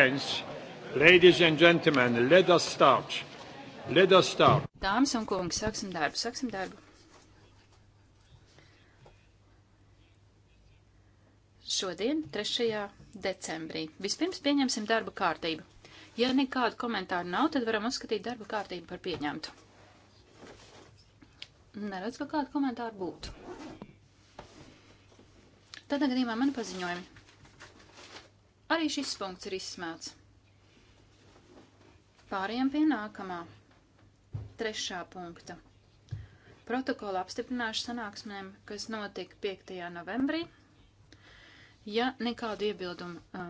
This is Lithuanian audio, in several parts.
Friends, ladies and gentlemen, let us start. Let us start. Dāmas un kungi, sāksim darbu, sāksim darbu. Šodien, 3. decembrī. Vispirms pieņemsim darbu kārtību. Ja nekādu komentāru nav, tad varam uzskatīt darbu kārtību par pieņemtu. Neredz, ka kādu komentāru būtu. Tad gadījumā man paziņojumi. Arī šis punkts ir izsmēts. Pārējām pie nākamā, trešā punkta. Protokola apstiprināšu sanāksmēm, kas notika 5. novembrī. Ja nekādu iebildumu uh,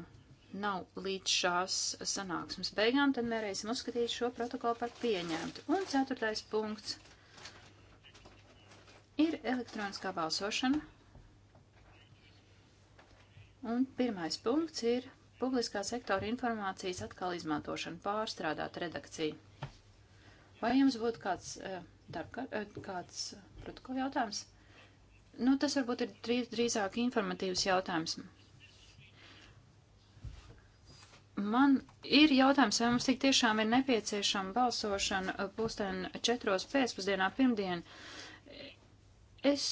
nav līdz šās sanāksmes beigām, tad mērēsim uzskatīt šo protokolu par pieņemtu. Un ceturtais punkts ir elektroniskā balsošana Un pirmais punkts ir publiskā sektora informācijas atkal izmantošana pārstrādāt redakciju. Vai jums būtu kāds, eh, darka, eh, kāds protokola jautājums? Nu, tas varbūt ir drīz, drīzāk informatīvs jautājums. Man ir jautājums, vai mums tik tiešām ir nepieciešama balsošana eh, pusdien četros pēcpusdienā pirmdien. Es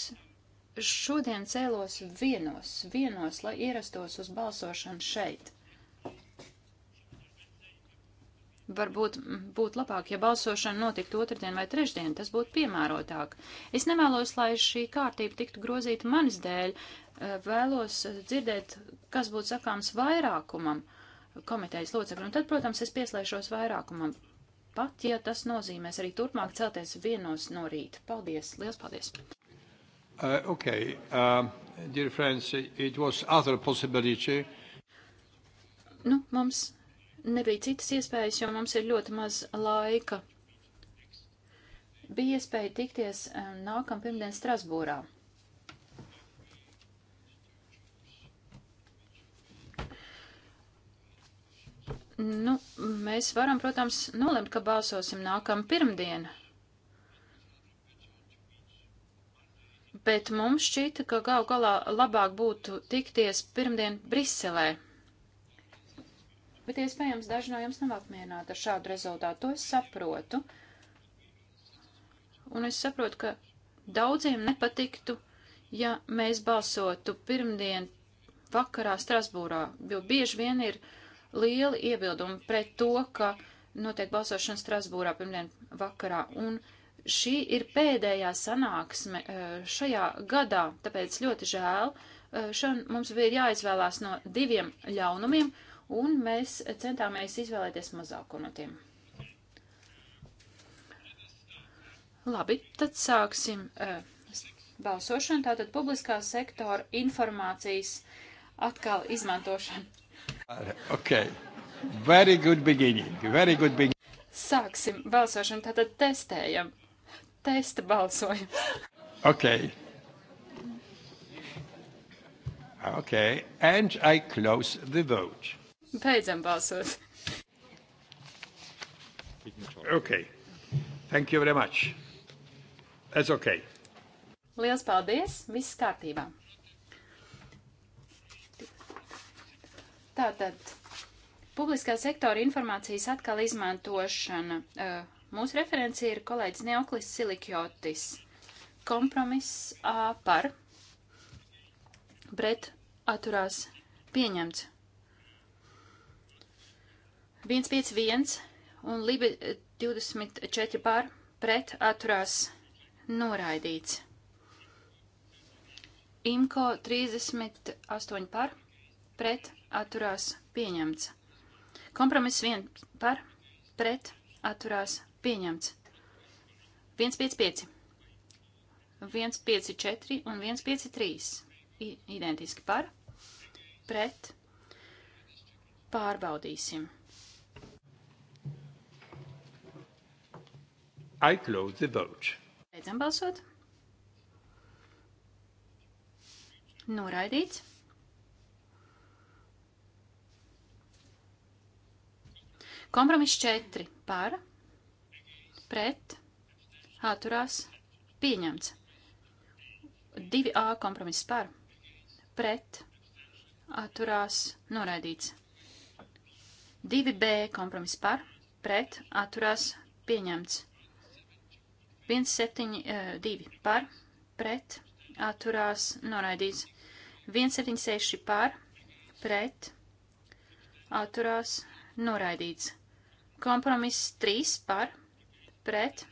šodien cēlos vienos, vienos, lai ierastos uz balsošanu šeit. Varbūt būtu labāk, ja balsošana notiktu otrdien vai trešdien, tas būtu piemērotāk. Es nevēlos, lai šī kārtība tiktu grozīta manis dēļ, eh, vēlos dzirdēt, kas būtu sakāms vairākumam komitejas locekļu, un tad, protams, es pieslēšos vairākumam, pat ja tas nozīmēs arī turpmāk celties vienos no rīta. Paldies, liels paldies! Uh, okay. Uh, dear friends, it was other possibility. Nu, mums nebija citas iespējas, jo mums ir ļoti maz laika. Bija iespēja tikties um, nākam pirmdien Strasbūrā. Nu, mēs varam, protams, nolemt, ka balsosim nākam pirmdien. bet mums šķita, ka gal galā labāk būtu tikties pirmdien Briselē. Bet iespējams, daži no jums nav apmierināti ar šādu rezultātu. To es saprotu. Un es saprotu, ka daudziem nepatiktu, ja mēs balsotu pirmdien vakarā Strasbūrā, jo bieži vien ir lieli iebildumi pret to, ka notiek balsošana Strasbūrā pirmdien vakarā. Un, uh, Šī ir pēdējā sanāksme e, šajā gadā, tāpēc ļoti žēl. E, Šodien mums bija jāizvēlās no diviem ļaunumiem, un mēs centāmies izvēlēties mazāko no tiem. Labi, tad sāksim uh, balsošanu. Tātad publiskā sektora informācijas atkal izmantošana. Ok. Very good beginning. Very good beginning. Sāksim balsošanu. Tātad testējam. Testa balsojums. Ok. Ok. And I close the vote. Beidzam balsot. Ok. Thank you very much. That's ok. Liels paldies. Viss kārtībā. Tātad publiskā sektora informācijas atkal izmantošana. Uh, Mūsu referents ir kolēģis Neoklis Silikjotis. Kompromiss A par pret atturās pieņemts. 151 un Libi 24 par pret atturās noraidīts. Imko 38 par pret atturās pieņemts. Kompromiss 1 par pret atturās Pieņemts. 155. 154 un 153. Identiski par. Pret. Pārbaudīsim. I close the vote. Beidzam balsot. Noraidīts. Kompromiss 4 par pret, atturās, pieņemts. 2A kompromiss par, pret, atturās, noraidīts. 2B kompromiss par, pret, atturās, pieņemts. 172 eh, par, pret, atturās, noraidīts. 176 par, pret, atturās, noraidīts. Kompromiss 3 par, pret pret,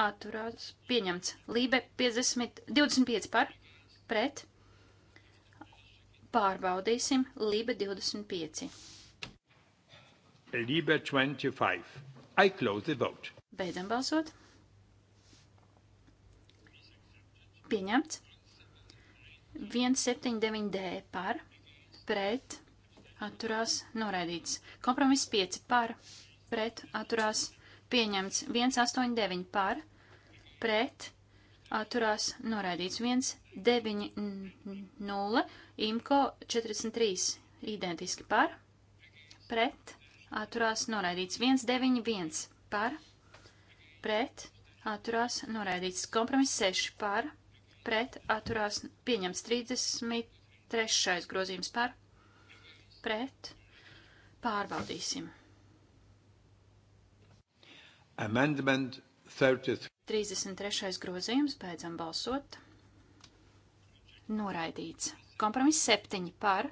atturās, pieņemts. Lībe 50, 25 par, pret, pārbaudīsim, Lībe 25. Lībe 25. I close the vote. Beidzam balsot. Pieņemts. 179D par, pret, atturās, noraidīts. Kompromiss 5 par, pret, atturās, noraidīts pieņemts 189 par, pret, atturās norādīts 190, imko 43 identiski par, pret, atturās norādīts 191 par, pret, atturās norādīts kompromiss 6 par, pret, atturās pieņemts 33 grozījums par, pret, pārbaudīsim. Amendment 33. 33. grozījums, beidzam balsot. Noraidīts. Kompromiss 7 par,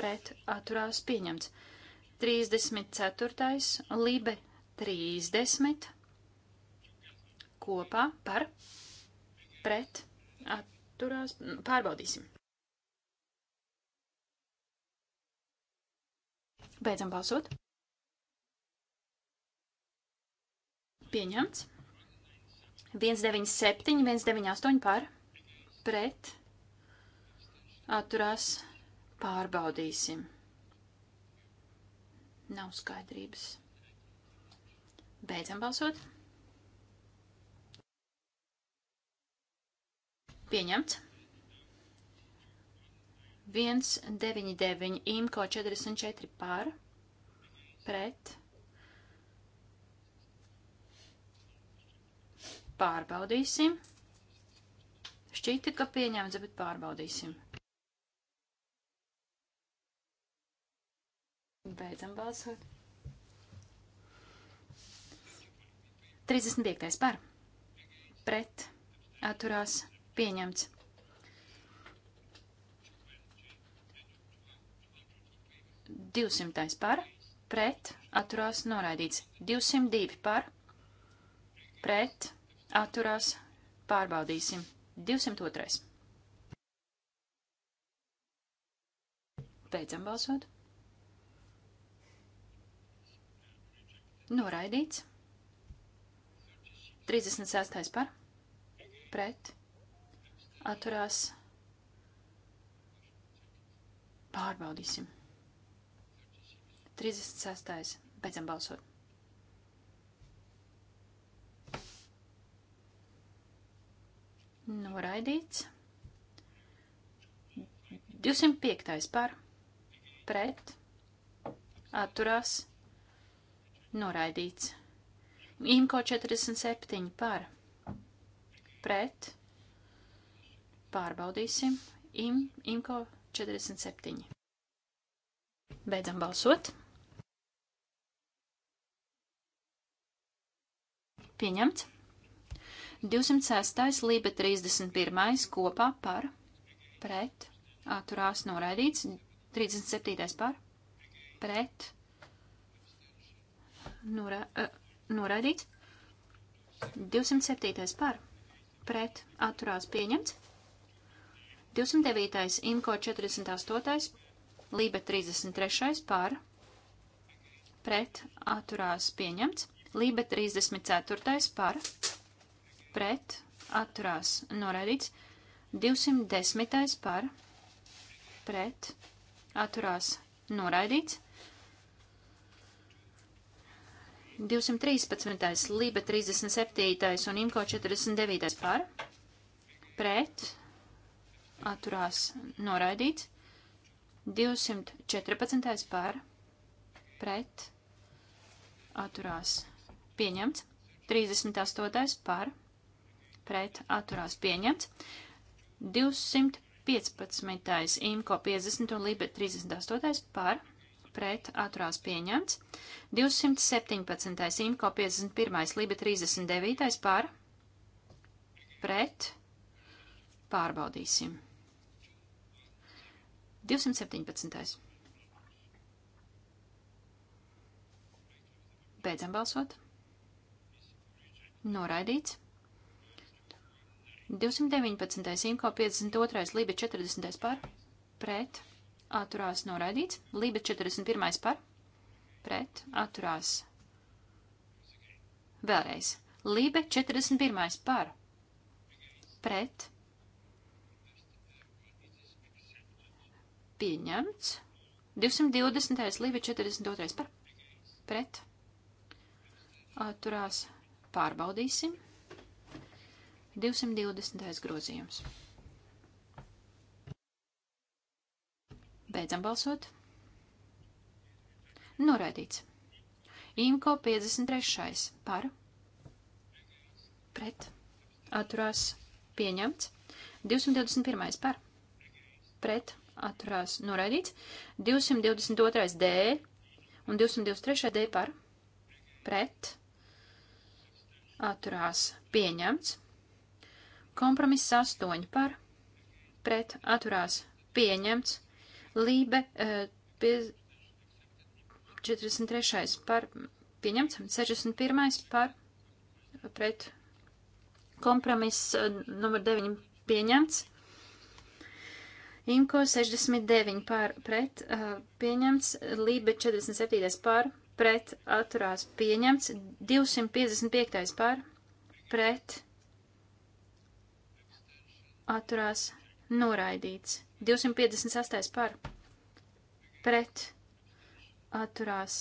pret, atturās pieņemts. 34. libe 30 kopā par, pret, atturās, pārbaudīsim. Beidzam balsot. Pieņemts. 197, 198 par. Pret. Atturās. Pārbaudīsim. Nav skaidrības. Beidzam balsot. Pieņemts. 199 imko 44 par pret Pārbaudīsim. Šķita, ka pieņemts, bet pārbaudīsim. Beidzam balsot. 35. par. Pret. Atturās. Pieņemts. Divsimtais par, pret, atturās noraidīts. 202 par, pret, atturās, pārbaudīsim. 202. Beidzam balsot. Noraidīts. 36. par. Pret. Atturās. Pārbaudīsim. 36. Beidzam balsot. Noraidīts. Nu, 205. par pret atturās noraidīts. Imko 47 par pret pārbaudīsim. Im, Imko 47. Beidzam balsot. Pieņemts. 206. lība 31. kopā par pret atturās noraidīts. 37. par pret nora, uh, noraidīts. 207. par pret atturās pieņemts. 209. Inko 48. Lība 33. par pret atturās pieņemts. Lība 34. par pret pret atturās norādīts. 210. par pret atturās norādīts. 213. Liba 37. un Imko 49. par pret atturās noraidīts. 214. par pret atturās pieņemts. 38. par pret pret atturās pieņemts. 215. IMCO 50 un LIBE 38. par pret atturās pieņemts. 217. IMCO 51. LIBE 39. par pret pārbaudīsim. 217. Beidzam balsot. Noraidīts. 219, Imko 52, Lība 40 par, pret, atturās noraidīts, Lība 41 par, pret, atturās. Vēlreiz, Lība 41 par, pret, pieņemts, 220, Lība 42 par, pret, atturās, pārbaudīsim. 220. grozījums. Beidzam balsot. Noraidīts. Imko 53. par. Pret. Atturās. Pieņemts. 221. par. Pret. Atturās. Noraidīts. 222. D. Un 223. D par. Pret. Atturās. Pieņemts. Kompromiss 8 par pret atturās pieņemts. Lībe 43. Eh, par pieņemts. 61. par pret kompromiss eh, numur 9 pieņemts. Imko 69 pār pret eh, pieņemts, Lībe 47 pār pret atturās pieņemts, 255 pār pret atturās noraidīts. 258 par pret atturās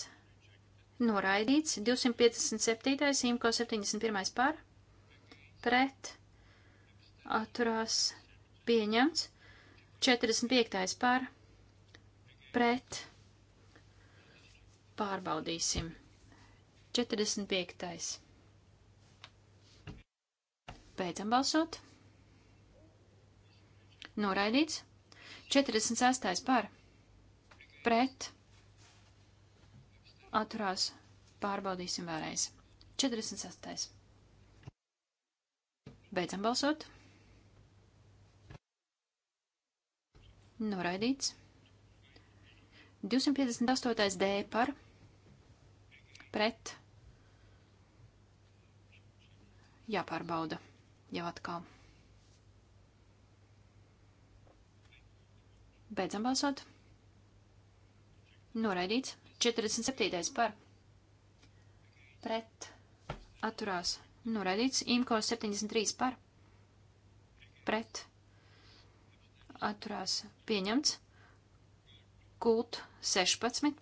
noraidīts. 257 imko 71 par pret atturās pieņemts. 45 par pret pārbaudīsim. 45. Beidzam balsot. Noraidīts. 46. par. Pret. Atturās. Pārbaudīsim vēlreiz. 46. Beidzam balsot. Noraidīts. 258. D par. Pret. Jāpārbauda jau atkal. Beidzam balsot. Noraidīts. 47. par. Pret. Atturās. Noraidīts. Imko 73 par. Pret. Atturās. Pieņemts. Kult 16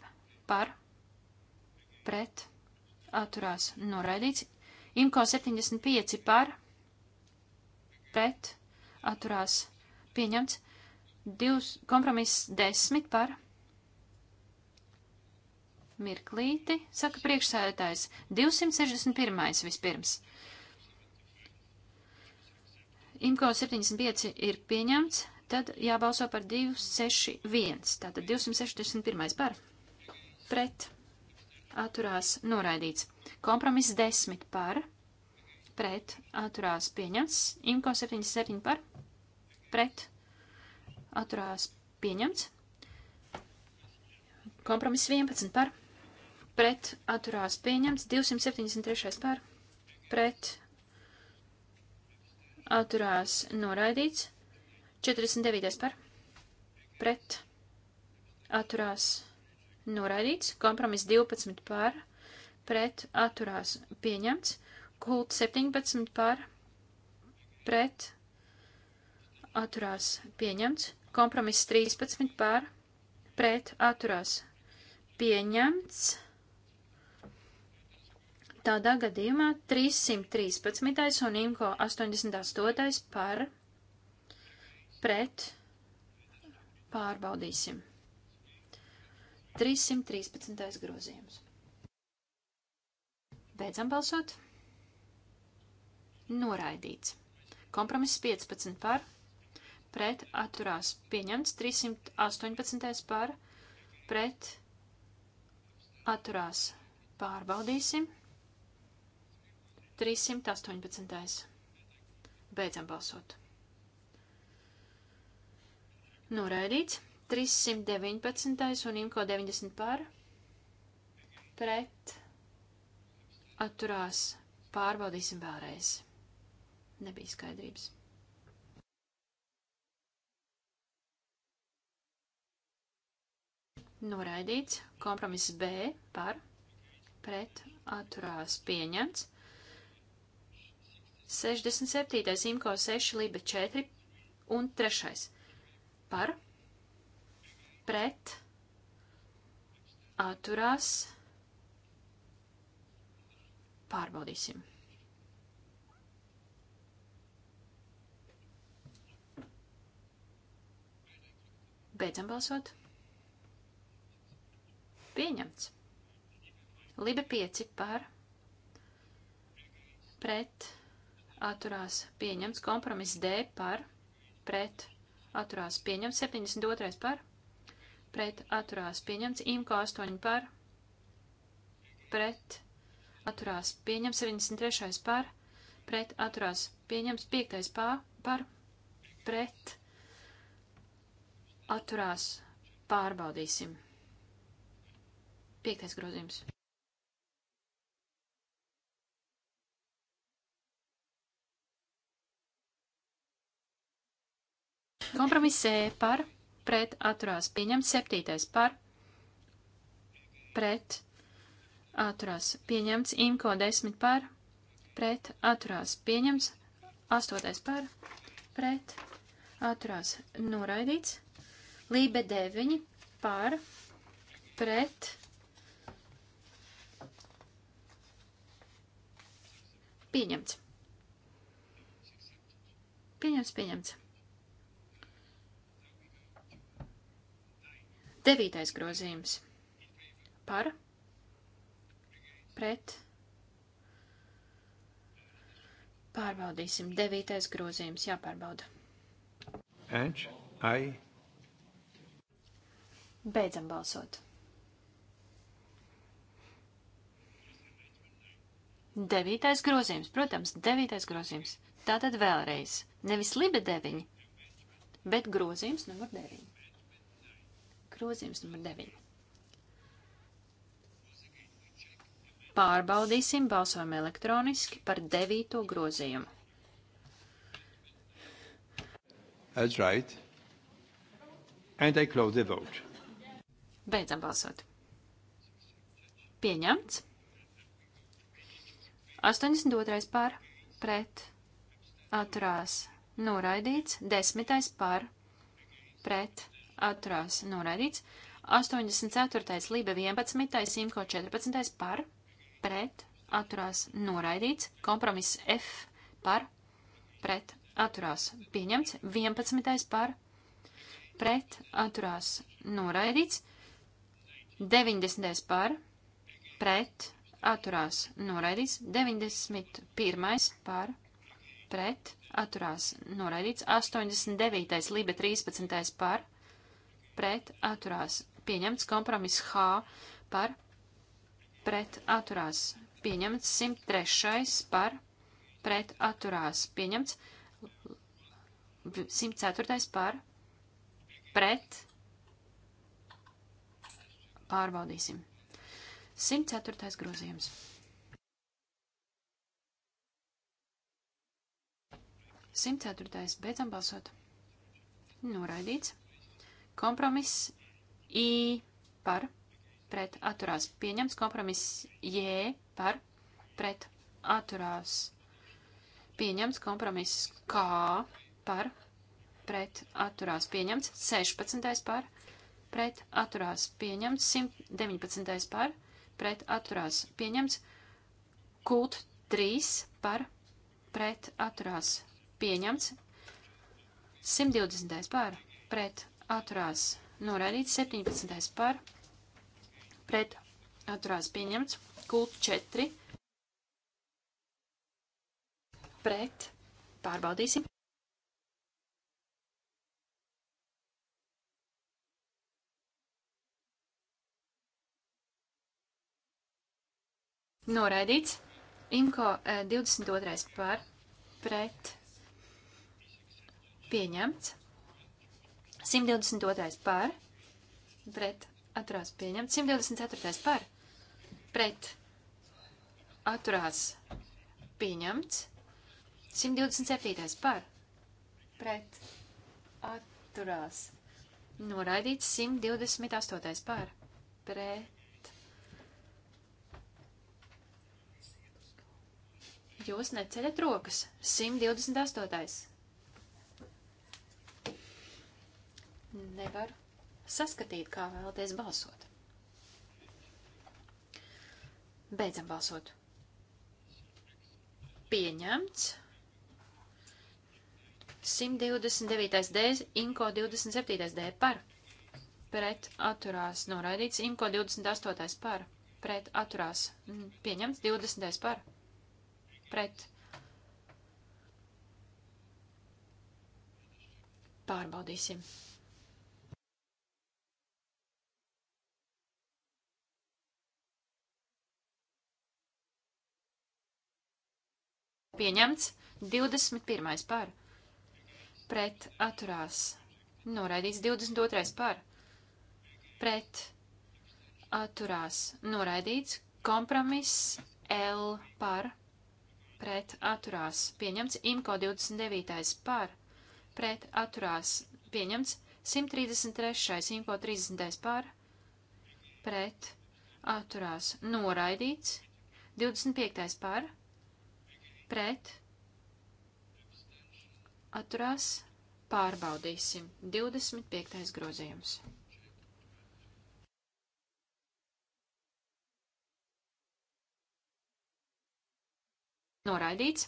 par. Pret. Atturās. Noraidīts. Imko 75 par. Pret. Atturās. Pieņemts. Divs, kompromiss desmit par. Mirklīti, saka priekšsēdētājs. 261. vispirms. Imko 75 ir pieņemts, tad jābalso par 261. Tātad 261. par. Pret. Atturās noraidīts. Kompromiss 10 par. Pret. Atturās pieņemts. Imko 77 par. Pret atturās pieņemts. Kompromiss 11 par, pret atturās pieņemts. 273 par, pret atturās noraidīts. 49 par, pret atturās noraidīts. Kompromiss 12 par, pret atturās pieņemts. Kult 17 par, pret atturās pieņemts. Kompromiss 13 par pret atturās pieņemts. Tādā gadījumā 313. un IMCO 88. par pret pārbaudīsim. 313. grozījums. Beidzam balsot. Noraidīts. Kompromiss 15 par pret atturās pieņemts. 318. par pret atturās pārbaudīsim. 318. Beidzam balsot. Noraidīts. 319. un Imko 90 par. Pret. Atturās. Pārbaudīsim vēlreiz. Nebija skaidrības. noraidīts. Nu, Kompromiss B par pret atturās pieņemts. 67. imko 6 liba 4 un 3. par pret atturās pārbaudīsim. Beidzam balsot. Pieņemts. Libe 5 par pret atturās pieņemts. Kompromiss D par pret atturās pieņemts. 72 par pret atturās pieņemts. Imko 8 par pret atturās pieņemts. 73 par pret atturās pieņemts. 5 par, par pret atturās pārbaudīsim. Piektais grozījums. Kompromisē e par, pret, atturās, pieņemts. Septītais par, pret, atturās, pieņemts. Imko desmit par, pret, atturās, pieņemts. Astotais par, pret, atturās, noraidīts. Lībe deviņi par, pret, atturās Pieņemts. Pieņemts, pieņemts. Devītais grozījums. Par. Pret. Pārbaudīsim. Devītais grozījums jāpārbauda. Enč, ai. Beidzam balsot. Devītais grozījums, protams, devītais grozījums. Tātad vēlreiz, nevis liba deviņi, bet grozījums numur deviņi. Grozījums numur deviņi. Pārbaudīsim, balsojam elektroniski par devīto grozījumu. That's right. And I close the vote. Beidzam balsot. Pieņemts. 82. par pret atturās noraidīts, 10. par pret atturās noraidīts, 84. lība 11. simko 14. par pret atturās noraidīts, kompromiss F par pret atturās pieņemts, 11. par pret atturās noraidīts, 90. par pret atturās noraidīts, 91. par pret atturās noraidīts, 89. libe 13. par pret atturās pieņemts, kompromiss H par pret atturās pieņemts, 103. par pret atturās pieņemts, 104. par pret pārbaudīsim. 104. grozījums. Simt ceturtais. Beidzam balsot. Noraidīts. Kompromiss I par pret atturās. Pieņems kompromiss J par pret atturās. Pieņems kompromiss K par pret atturās. Pieņems 16. par pret atturās. Pieņems 119. par pret atturās pret atturās pieņemts. Kult 3 par pret atturās pieņemts. 120. par pret atturās noraidīts. 17. par pret atturās pieņemts. Kult 4 pret pārbaudīsim. Noraidīts. Imko 22. Eh, par pret pieņemts. 122. par pret atturās pieņemts. 124. par pret atturās pieņemts. 127. par pret atturās noraidīts. 128. par pret Jūs neceļat rokas. 128. Nevar saskatīt, kā vēlaties balsot. Beidzam balsot. Pieņemts. 129. D, Inko 27. D par. Pret atturās noraidīts. Inko 28. par. Pret atturās mm, pieņemts. 20. par pret. Pārbaudīsim. Pieņemts 21. par. Pret atturās. Noraidīts 22. par. Pret atturās. Noraidīts kompromiss L par pret atturās pieņemts, imko 29. par, pret atturās pieņemts, 133. imko 30. par, pret atturās noraidīts, 25. par, pret atturās pārbaudīsim, 25. grozījums. Noraidīts.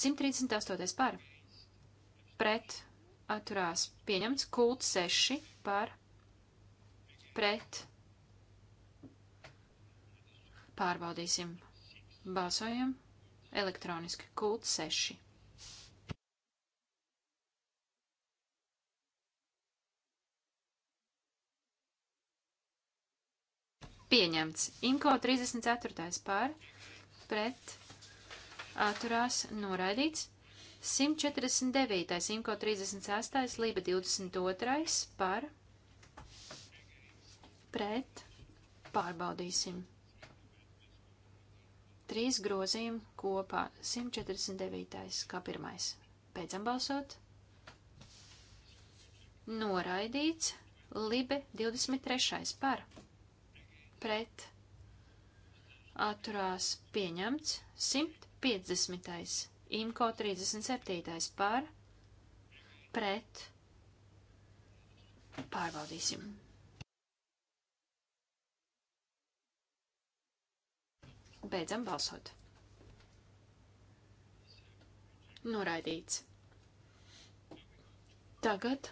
138. par. Pret. Atturās. Pieņemts. Kult 6 par. Pret. Pārbaudīsim. Balsojam elektroniski. Kult 6. Pieņemts. Inko 34. pār pret atturās noraidīts. 149. Inko 36. Lība 22. par pret pārbaudīsim. Trīs grozījumi kopā 149. kā pirmais. Beidzam balsot. Noraidīts. Libe 23. par pret atturās pieņemts 100. 50. Imko 37. par pret pārbaudīsim. Beidzam balsot. Noraidīts. Tagad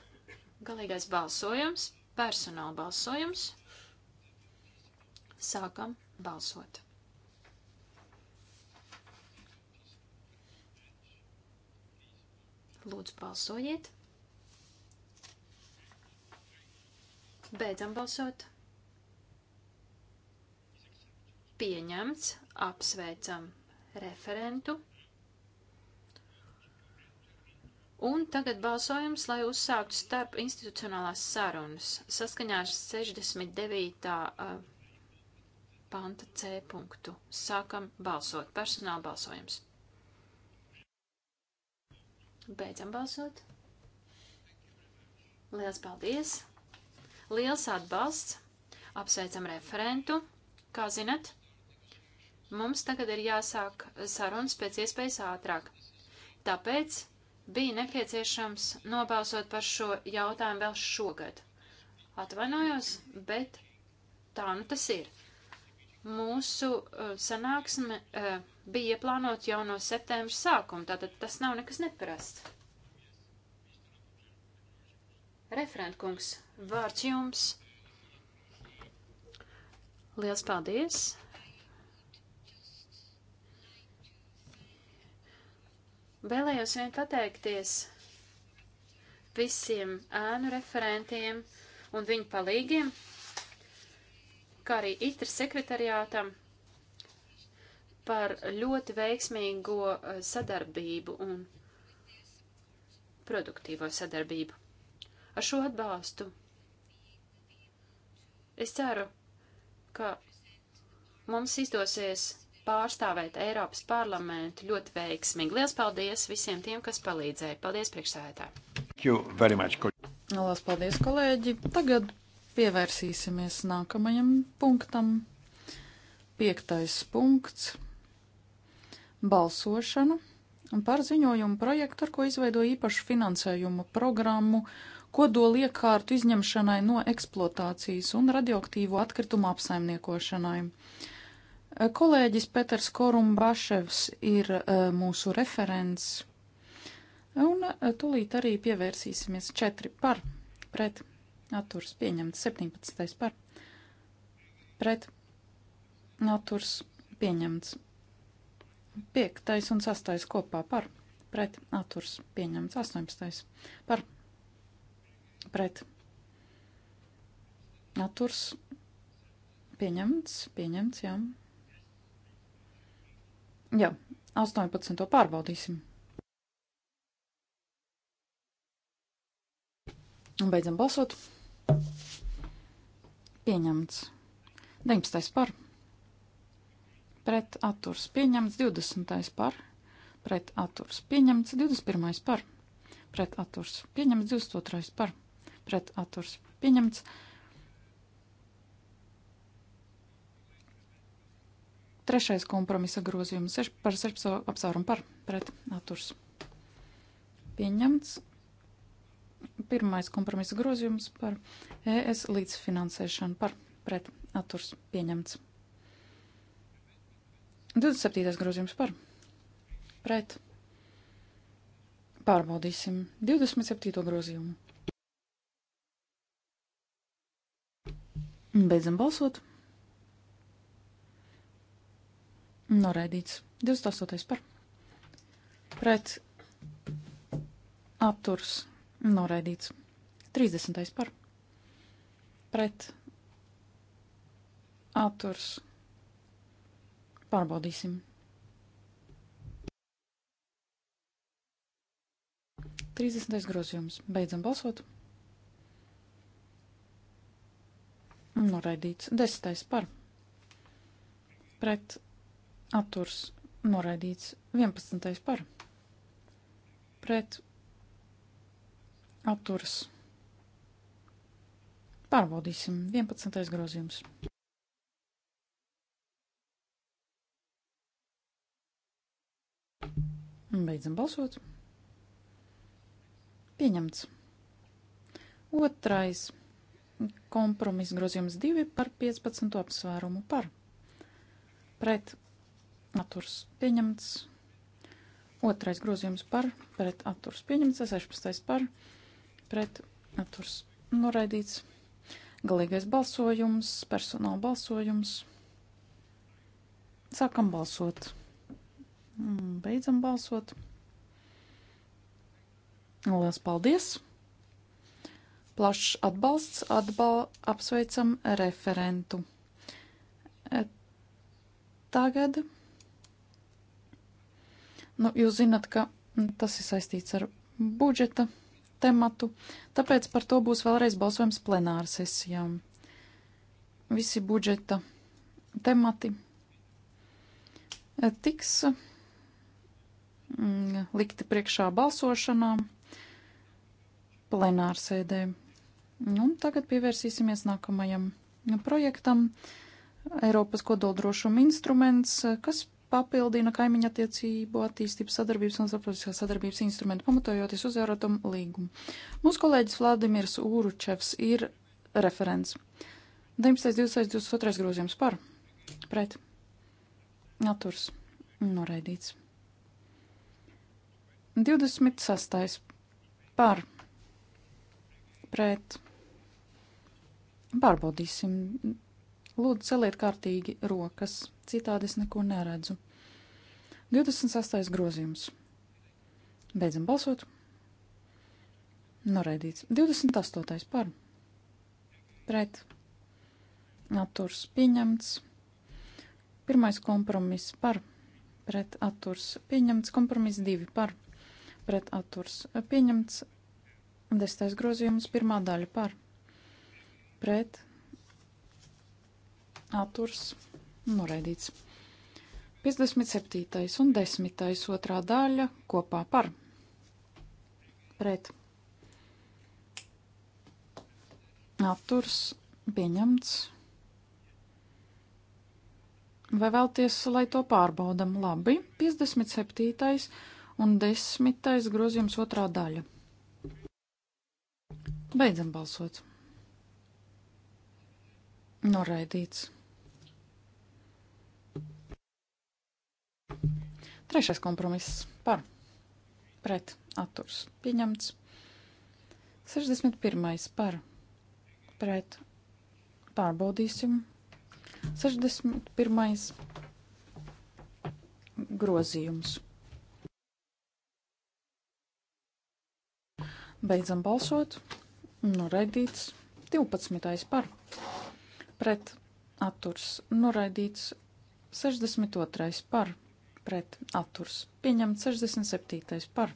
galīgais balsojums, personāla balsojums. Sākam balsot. Lūdzu, balsojiet. Beidzam balsot. Pieņemts, apsveicam referentu. Un tagad balsojums, lai uzsāktu starp institucionālās sarunas saskaņā ar 69. Uh, panta C punktu. Sākam balsot. Personāla balsojums. Beidzam balsot. Liels paldies! Liels atbalsts! Apsveicam referentu! Kā zinat, mums tagad ir jāsāk sarunas pēc iespējas ātrāk. Tāpēc bija nepieciešams nobalsot par šo jautājumu vēl šogad. Atvainojos, bet tā nu tas ir. Mūsu uh, sanāksme. Uh, bija plānots jau no septembra sākuma, tātad tas nav nekas neparasts. Referentkungs, vārds jums. Liels paldies! Vēlējos vien pateikties visiem ēnu referentiem un viņu palīgiem, kā arī itra sekretariātam par ļoti veiksmīgo eh, sadarbību un produktīvo sadarbību. Ar šo atbalstu es ceru, ka mums izdosies pārstāvēt Eiropas parlamentu ļoti veiksmīgi. Lielas paldies visiem tiem, kas palīdzēja. Paldies priekšsēdētāji. Lielas paldies, kolēģi. Tagad pievērsīsimies nākamajam punktam. Piektais punkts balsošanu par ziņojumu projektu, ar ko izveido īpašu finansējumu programmu kodola iekārtu izņemšanai no eksploatācijas un radioaktīvo atkritumu apsaimniekošanai. Kolēģis Peters Korumbaševs ir e, mūsu referents, un e, tūlīt arī pievērsīsimies 4 par pret atturs pieņemts 17. par pret atturs pieņemts Piektais un sastais kopā par pret atturs pieņemts 18. par pret atturs pieņemts, pieņemts, jā. Jā, 18. pārbaudīsim. Un beidzam balsot. Pieņemts. 19. par pret pret atturs pieņemts 20. par, pret atturs pieņemts 21. par, pret atturs pieņemts 22. par, pret atturs pieņemts. Trešais kompromisa grozījums seš, par serpso apsvērumu par pret atturs pieņemts. Pirmais kompromisa grozījums par ES līdzfinansēšanu par pret atturs pieņemts. 27. grozījums par. Pret. Pārbaudīsim 27. grozījumu. Beidzam balsot. Noraidīts. 28. par. Pret. Apturs. Noraidīts. 30. par. Pret. Apturs. Pārbaudīsim. 30. grozījums. Beidzam balsot. Noraidīts. 10. par. Pret. Atturs. Noraidīts. 11. par. Pret. Atturs. Pārbaudīsim. 11. grozījums. Beidzam balsot. Pieņemts. Otrais kompromiss grozījums 2 par 15 apsvērumu par. Pret atturs pieņemts. Otrais grozījums par. Pret atturs pieņemts. 16. par. Pret atturs noraidīts. Galīgais balsojums, personāla balsojums. Sākam balsot. Mm, beidzam balsot. Lielas paldies! Plašs atbalsts atbal apsveicam referentu. E, tagad, nu, jūs zinat, ka tas ir saistīts ar budžeta tematu, tāpēc par to būs vēlreiz balsojums plenāra sesijām. Visi budžeta temati e, tiks mm, likti priekšā balsošanām plenārsēdē. Un tagad pievērsīsimies nākamajam projektam - Eiropas kodoldrošuma instruments, kas papildina kaimiņa attiecību attīstības sadarbības un starptautiskās sadarbības instrumentu, pamatojoties uz Euratomu līgumu. Mūsu kolēģis Vladimirs Ūručevs ir referents. 19. 26. 22. grozījums par, pret, naturs, noraidīts. 26. par, pret pret. Pārbaudīsim. Lūdzu, celiet kārtīgi rokas, citādi es neko neredzu. 26. grozījums. Beidzam balsot. Noraidīts. 28. par. Pret. Atturs pieņemts. Pirmais kompromiss par. Pret atturs pieņemts. Kompromiss divi par. Pret atturs pieņemts. Desmitais grozījums pirmā daļa par pret atturs noraidīts. 57. un 10. otrā daļa kopā par pret atturs pieņemts. Vai vēlties, lai to pārbaudam? Labi, 57. un 10. grozījums otrā daļa. Beidzam balsot. Noraidīts. Trešais kompromiss par pret atturs pieņemts. 61. par pret pārbaudīsim. 61. grozījums. Beidzam balsot noraidīts, nu, 12. par, pret atturs noraidīts, nu, 62. par, pret atturs pieņemts, 67. par,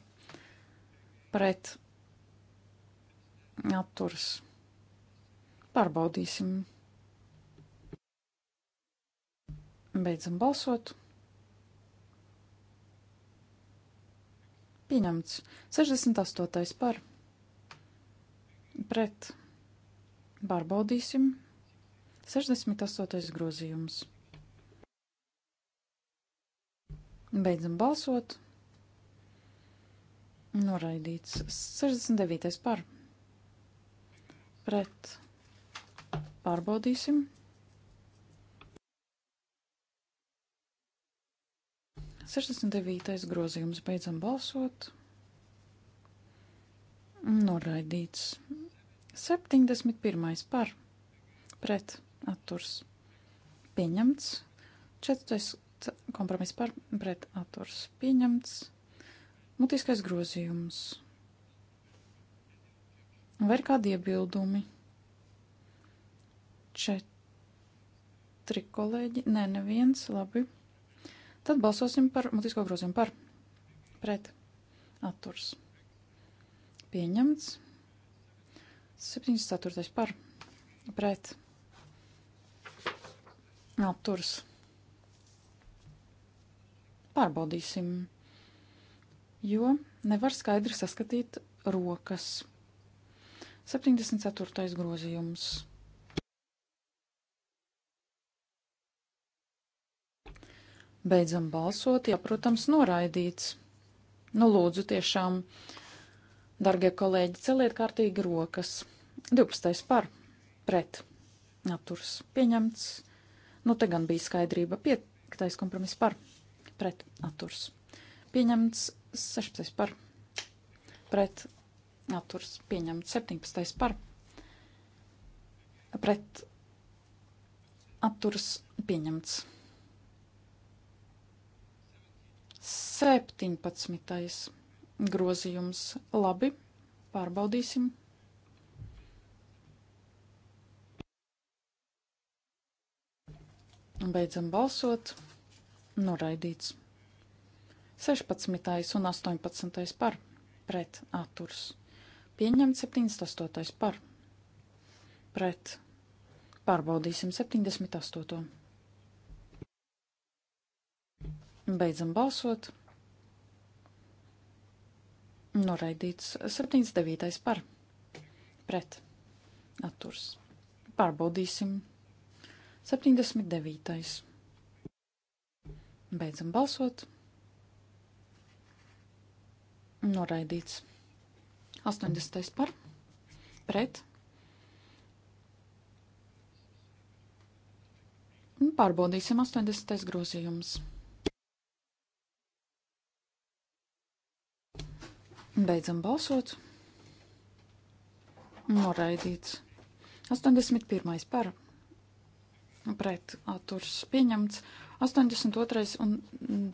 pret atturs pārbaudīsim. Beidzam balsot. Pieņemts 68. par Pret. Pārbaudīsim. 68. grozījums. Beidzam balsot. Noraidīts 69. par. Pret. Pārbaudīsim. 69. grozījums beidzam balsot. Noraidīts 71. par pret atturs pieņemts. 4. kompromiss par pret atturs pieņemts. Mutiskais grozījums. Vai ir kādi iebildumi? Četri kolēģi. Nē, neviens. Labi. Tad balsosim par mutisko grozījumu par pret atturs. Pieņemts. 74. par pret atturs. Pārbaudīsim, jo nevar skaidri saskatīt rokas. 74. grozījums. Beidzam balsot, ja, protams, noraidīts. Nu, lūdzu, tiešām uh, Dargie kolēģi, celiet kārtīgi rokas. 12. par pret atturs pieņemts. Nu, te gan bija skaidrība. 5. kompromiss par pret atturs pieņemts. 16. par pret atturs pieņemts. 17. par pret atturs pieņemts. 17 grozījums. Labi, pārbaudīsim. Beidzam balsot. Noraidīts. 16. un 18. par pret atturs. Pieņemt 78. par pret. Pārbaudīsim 78. Beidzam balsot. Noraidīts 79. par. Pret. Atturs. Pārbaudīsim. 79. Beidzam balsot. Noraidīts. 80. par. Pret. Pārbaudīsim 80. grozījums. Beidzam balsot. Noraidīts. 81. par pret atturs pieņemts. 82. un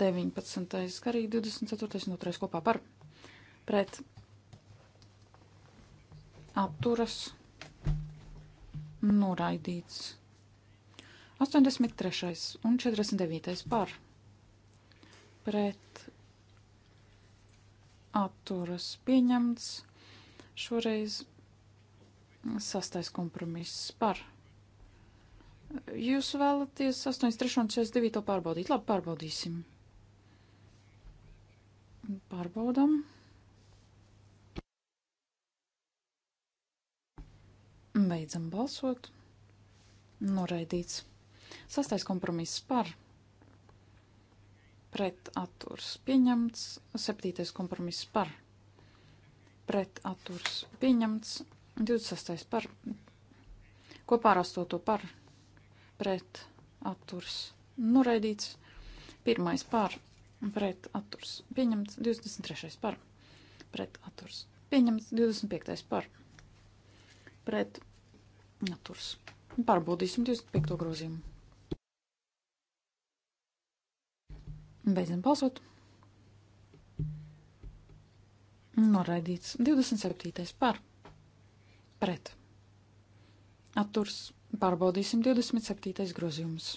19. kā arī 24. un 2. kopā par pret atturas noraidīts. 83. un 49. par pret atturas pieņemts. Šoreiz sastais kompromiss par. Jūs vēlaties 83 un 49 pārbaudīt. Labi, pārbaudīsim. Pārbaudam. Beidzam balsot. Noraidīts. Sastais kompromiss par pret atturs pieņemts, septītais kompromiss par, pret atturs pieņemts, 26. par, kopā ar 8. par, pret atturs noraidīts, pirmais par, pret atturs pieņemts, 23. par, pret atturs pieņemts, 25. par, pret atturs. Pārbaudīsim 25. grozījumu. Beidzam balsot. Noraidīts. 27. par. Pret. Atturs. Pārbaudīsim 27. grozījums.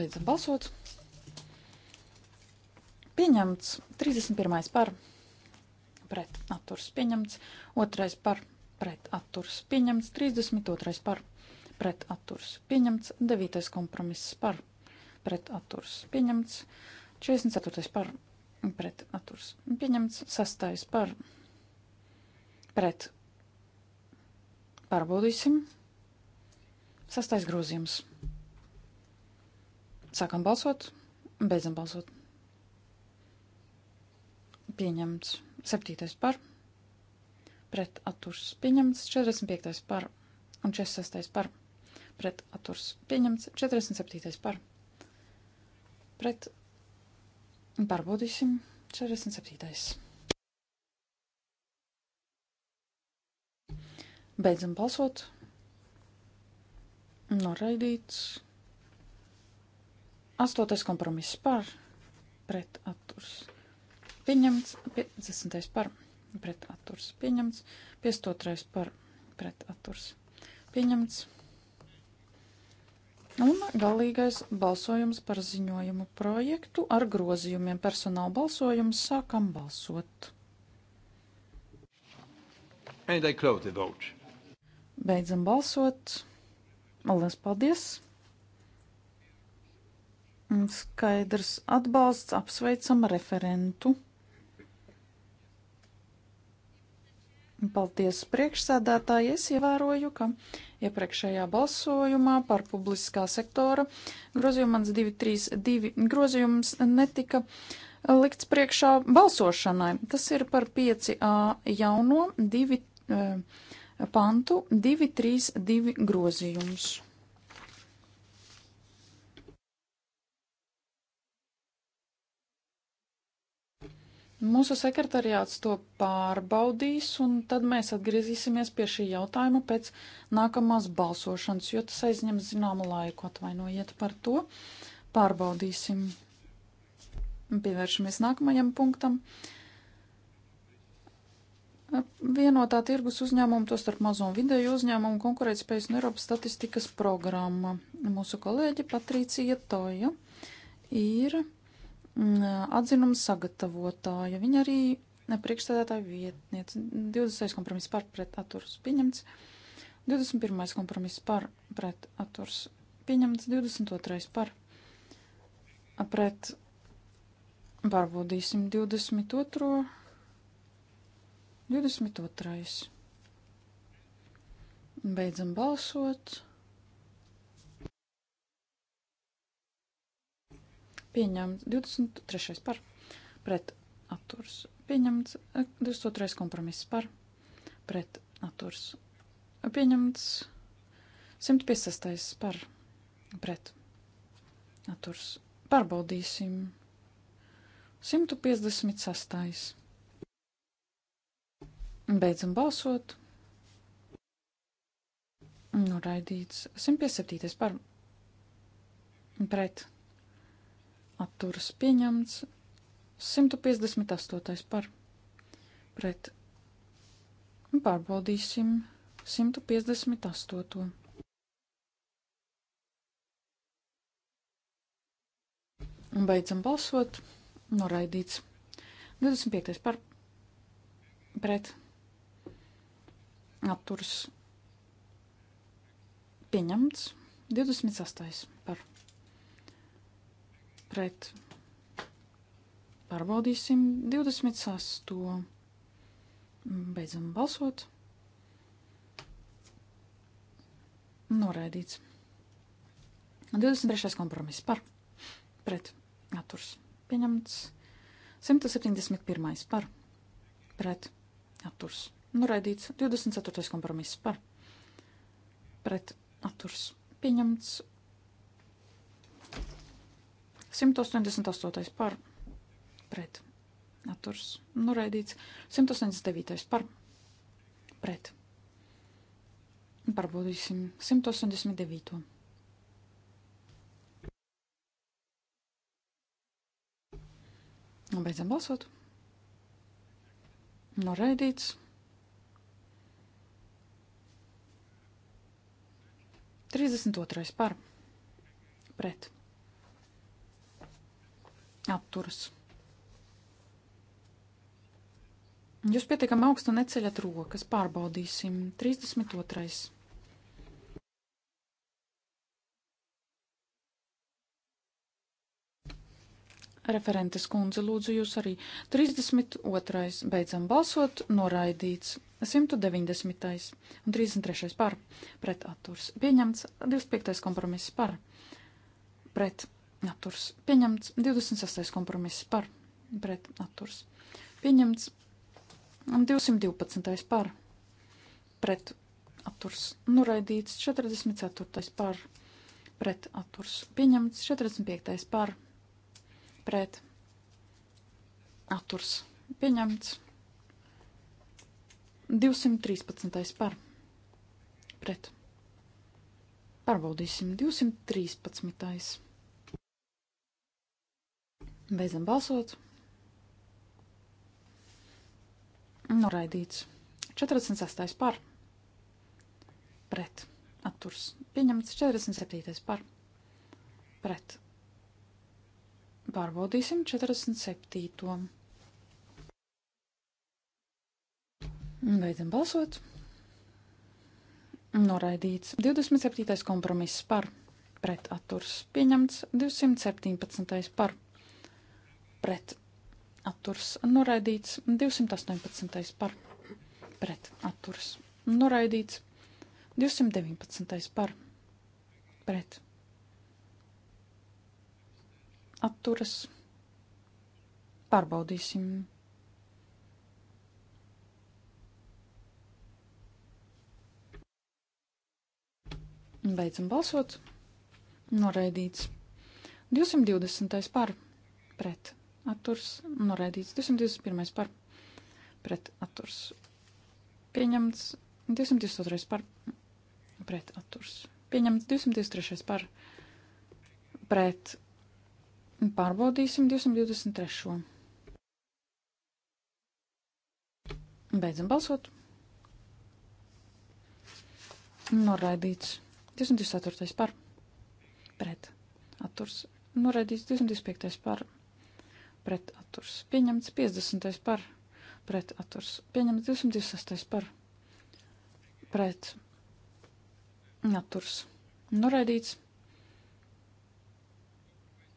Beidzam balsot. Pieņemts 31. par pret atturs pieņemts, 2. par pret atturs pieņemts, 32. par pret pret atturs pieņemts, 9. kompromiss par pret atturs pieņemts, 44. par pret atturs pieņemts, 6. par pret pārbaudīsim, 6. grozījums. Sākam balsot, beidzam balsot. Pieņemts 7. par pret atturs pieņemts, 45. par un 46. par pret pret atturs pieņemts 47. par. Pret pārbaudīsim 47. Beidzam balsot. Noraidīts. Astotais kompromiss par. Pret atturs pieņemts 50. par. Pret atturs pieņemts 52. par. Pret atturs pieņemts 52. Un galīgais balsojums par ziņojumu projektu ar grozījumiem. Personāla balsojums sākam balsot. Beidzam balsot. Lielas paldies! Skaidrs atbalsts apsveicam referentu. Paldies priekšsēdētāji, es ievēroju, ka iepriekšējā balsojumā par publiskā sektora grozījumu. Mans 232 grozījums netika likts priekšā balsošanai. Tas ir par 5a jauno 2 eh, pantu 232 grozījumus. Mūsu sekretariāts to pārbaudīs, un tad mēs atgriezīsimies pie šī jautājuma pēc nākamās balsošanas, jo tas aizņem zināmu laiku. Atvainojiet par to. Pārbaudīsim. Pievēršamies nākamajam punktam. Vienotā tirgus uzņēmuma, to starp mazo un vidēju uzņēmumu, konkurētspējas un Eiropas statistikas programma. Mūsu kolēģi Patricija Toja ir atzinums sagatavotāja. Viņa arī eh, priekšstādātāja vietniece. 20. kompromiss par pret atturs pieņemts. 21. kompromiss par pret atturs pieņemts. 22. par pret pārbaudīsim 22. 22. Beidzam balsot. pieņemts 23. par, pret atturs pieņemts 22. kompromiss par, pret atturs pieņemts 156. par, pret atturs pārbaudīsim 156. Beidzam balsot. Noraidīts 157. par pret atturas pieņemts. 158. par pret. Pārbaudīsim 158. Beidzam balsot. Noraidīts. 25. par pret. Atturs pieņemts. 26 pret. Pārbaudīsim 26. Beidzam balsot. Noraidīts. 23. kompromiss par pret atturs pieņemts. 171. par pret atturs noraidīts. 24. kompromiss par pret atturs pieņemts. 188. par pret. Atturs noraidīts. 189. par pret. Pārbaudīsim 189. Un beidzam balsot. Noraidīts. 32. par pret atturs. Jūs pietiekami augstu neceļat rokas, pārbaudīsim. 32. Referentes kundze, lūdzu jūs arī. 32. Beidzam balsot, noraidīts. 190. un 33. par. Pret atturs. Pieņemts. 25. kompromiss par. Pret atturs pieņemts. 26. kompromiss par pret atturs pieņemts. 212. par pret atturs noraidīts. 44. par pret atturs pieņemts. 45. par pret atturs pieņemts. 213. par pret. Pārbaudīsim 213. Beidzam balsot. Noraidīts. 46. par. Pret. Atturs. Pieņemts 47. par. Pret. Pārbaudīsim 47. Beidzam balsot. Noraidīts 27. kompromiss par. Pret atturs. Pieņemts 217. par pret atturs noraidīts, 218. par pret atturs noraidīts, 219. par pret atturas pārbaudīsim. Beidzam balsot. Noraidīts. 220. par pret atturs norādīts. 221 par pret atturs pieņemts. 202 par pret atturs pieņemts. 223 par pret pārbaudīsim 223. Beidzam balsot. Noraidīts 24. par pret atturs. Noraidīts 25. par pret pret atturs pieņemts, 50. par pret atturs pieņemts, 206. par pret atturs noraidīts,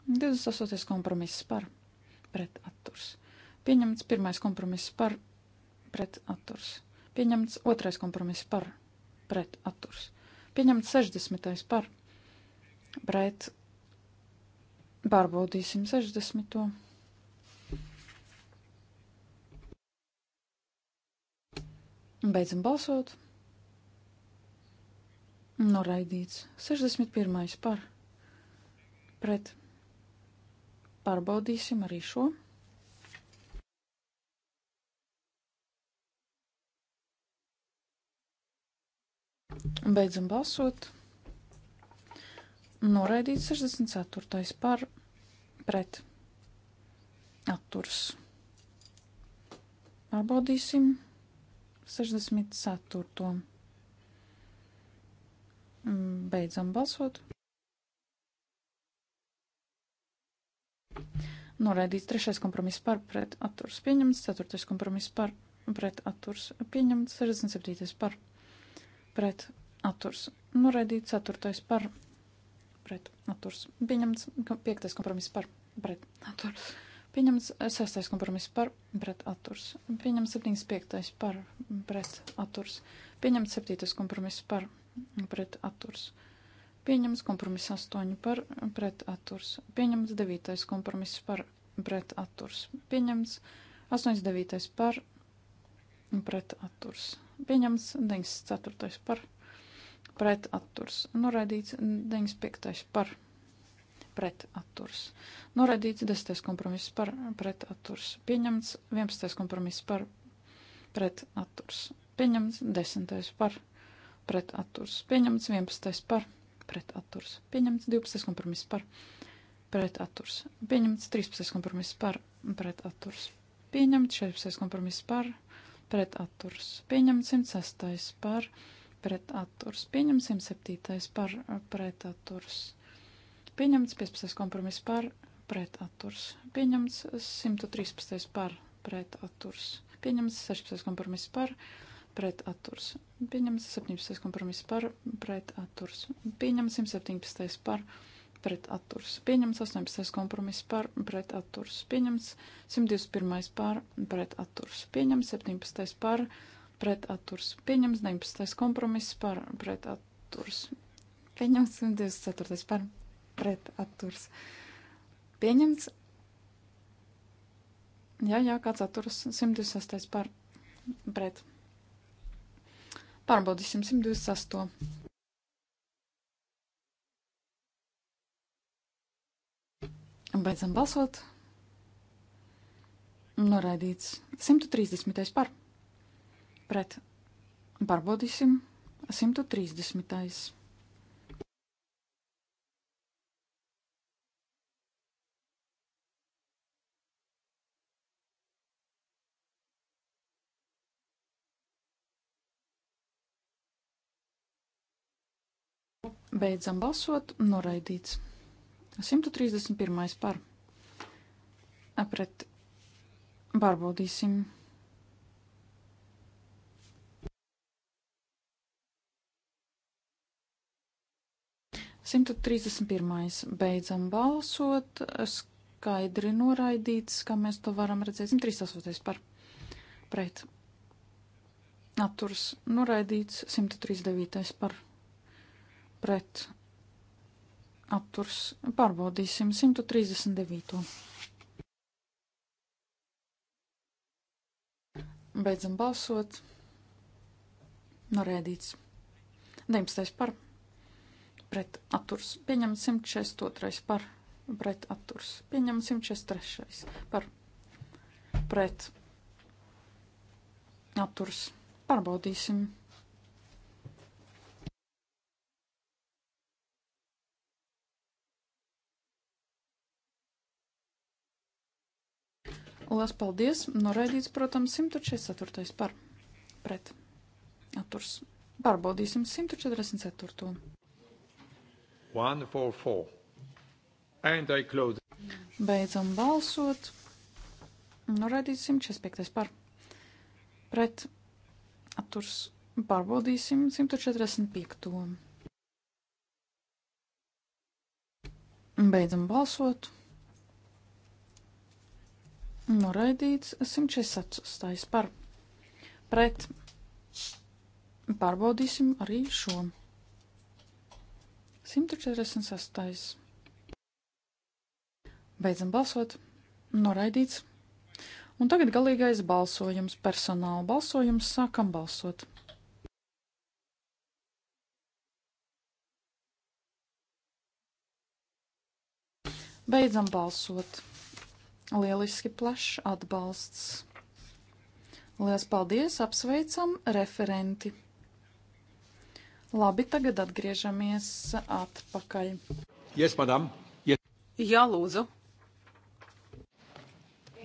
28. kompromiss par pret atturs pieņemts, 1. kompromiss par pret atturs pieņemts, 2. kompromiss par pret atturs pieņemts, 60. par pret atturs. Pārbaudīsim 60. Beidzam balsot. Noraidīts. 61. par. Pret. Pārbaudīsim arī šo. Beidzam balsot. Noraidīts 64. par pret atturs. Pārbaudīsim. 64. Beidzam balsot. Noraidīts trešais kompromiss par pret atturs pieņemts, ceturtais kompromiss par pret atturs pieņemts, 67. par pret atturs noraidīts, ceturtais par pret atturs pieņemts, piektais kompromiss par pret atturs pieņemts Pieņems sestais kompromiss par pret atturs. Pieņems 75. par pret atturs. Pieņems 7. kompromiss par pret atturs. Pieņems kompromiss 8 par pret atturs. Pieņems 9. kompromiss par pret atturs. Pieņems 89. par pret atturs. Pieņems 94. par pret atturs. Noraidīts 95. par pret atturs pretaturs. Noraidīts 10. kompromiss par pretaturs. Pieņemts 11. kompromiss par pretaturs. Pieņemts 10. par pretaturs. Pieņemts 11. par pretaturs. Pieņemts 12. kompromiss par pretaturs. Pieņemts 13. kompromiss par pretaturs. Pieņemts 14. kompromiss par pretaturs. Pieņemts 106. par pretaturs. Pieņemts 107. par pretaturs Pieņemts 15. kompromiss par pretaturs. Pieņemts 113. par pretaturs. Pieņemts 16. kompromiss par pretaturs. Pieņemts 17. kompromiss par pretaturs. Pieņemts 117. par pretaturs pretaturs. Pieņemts 18. kompromiss par pretaturs. Pieņemts 121. par pretaturs. Pieņemts 17. par pretaturs. Pieņemts 19. kompromiss par pretaturs. Pieņemts 124. par pret atturs. Pieņemts. Jā, jā, kāds atturs 126 par pret. Pārbaudīsim 128. Beidzam balsot. Noraidīts 130. par. Pret. Pārbaudīsim 130. Beidzam balsot, noraidīts. 131. par. Apret pārbaudīsim. Simtu trīsdesmit pirmais. Beidzam balsot. Skaidri noraidīts, kā mēs to varam redzēt. Simt trīs astotais par pret. Atturs noraidīts. Simtu trīs devītais par pret pret atturs pārbaudīsim 139. Beidzam balsot. Norēdīts. 19. par pret atturs. Pieņem 162. par pret atturs. Pieņem 163. par pret atturs. Pārbaudīsim 163. Lielas paldies. Noraidīts, protams, 144. par. Pret. Atturs. Pārbaudīsim 144. 144. And I close. Beidzam balsot. Noraidīts 145. par. Pret. Atturs. Pārbaudīsim 145. Beidzam balsot. Noraidīts 146. par. Pret. Pārbaudīsim arī šo. 146. Beidzam balsot. Noraidīts. Un tagad galīgais balsojums, personāla balsojums, sākam balsot. Beidzam balsot. Lieliski plašs atbalsts. Lielas paldies, apsveicam referenti. Labi, tagad atgriežamies atpakaļ. Yes, madam. Yes. Jā, lūdzu.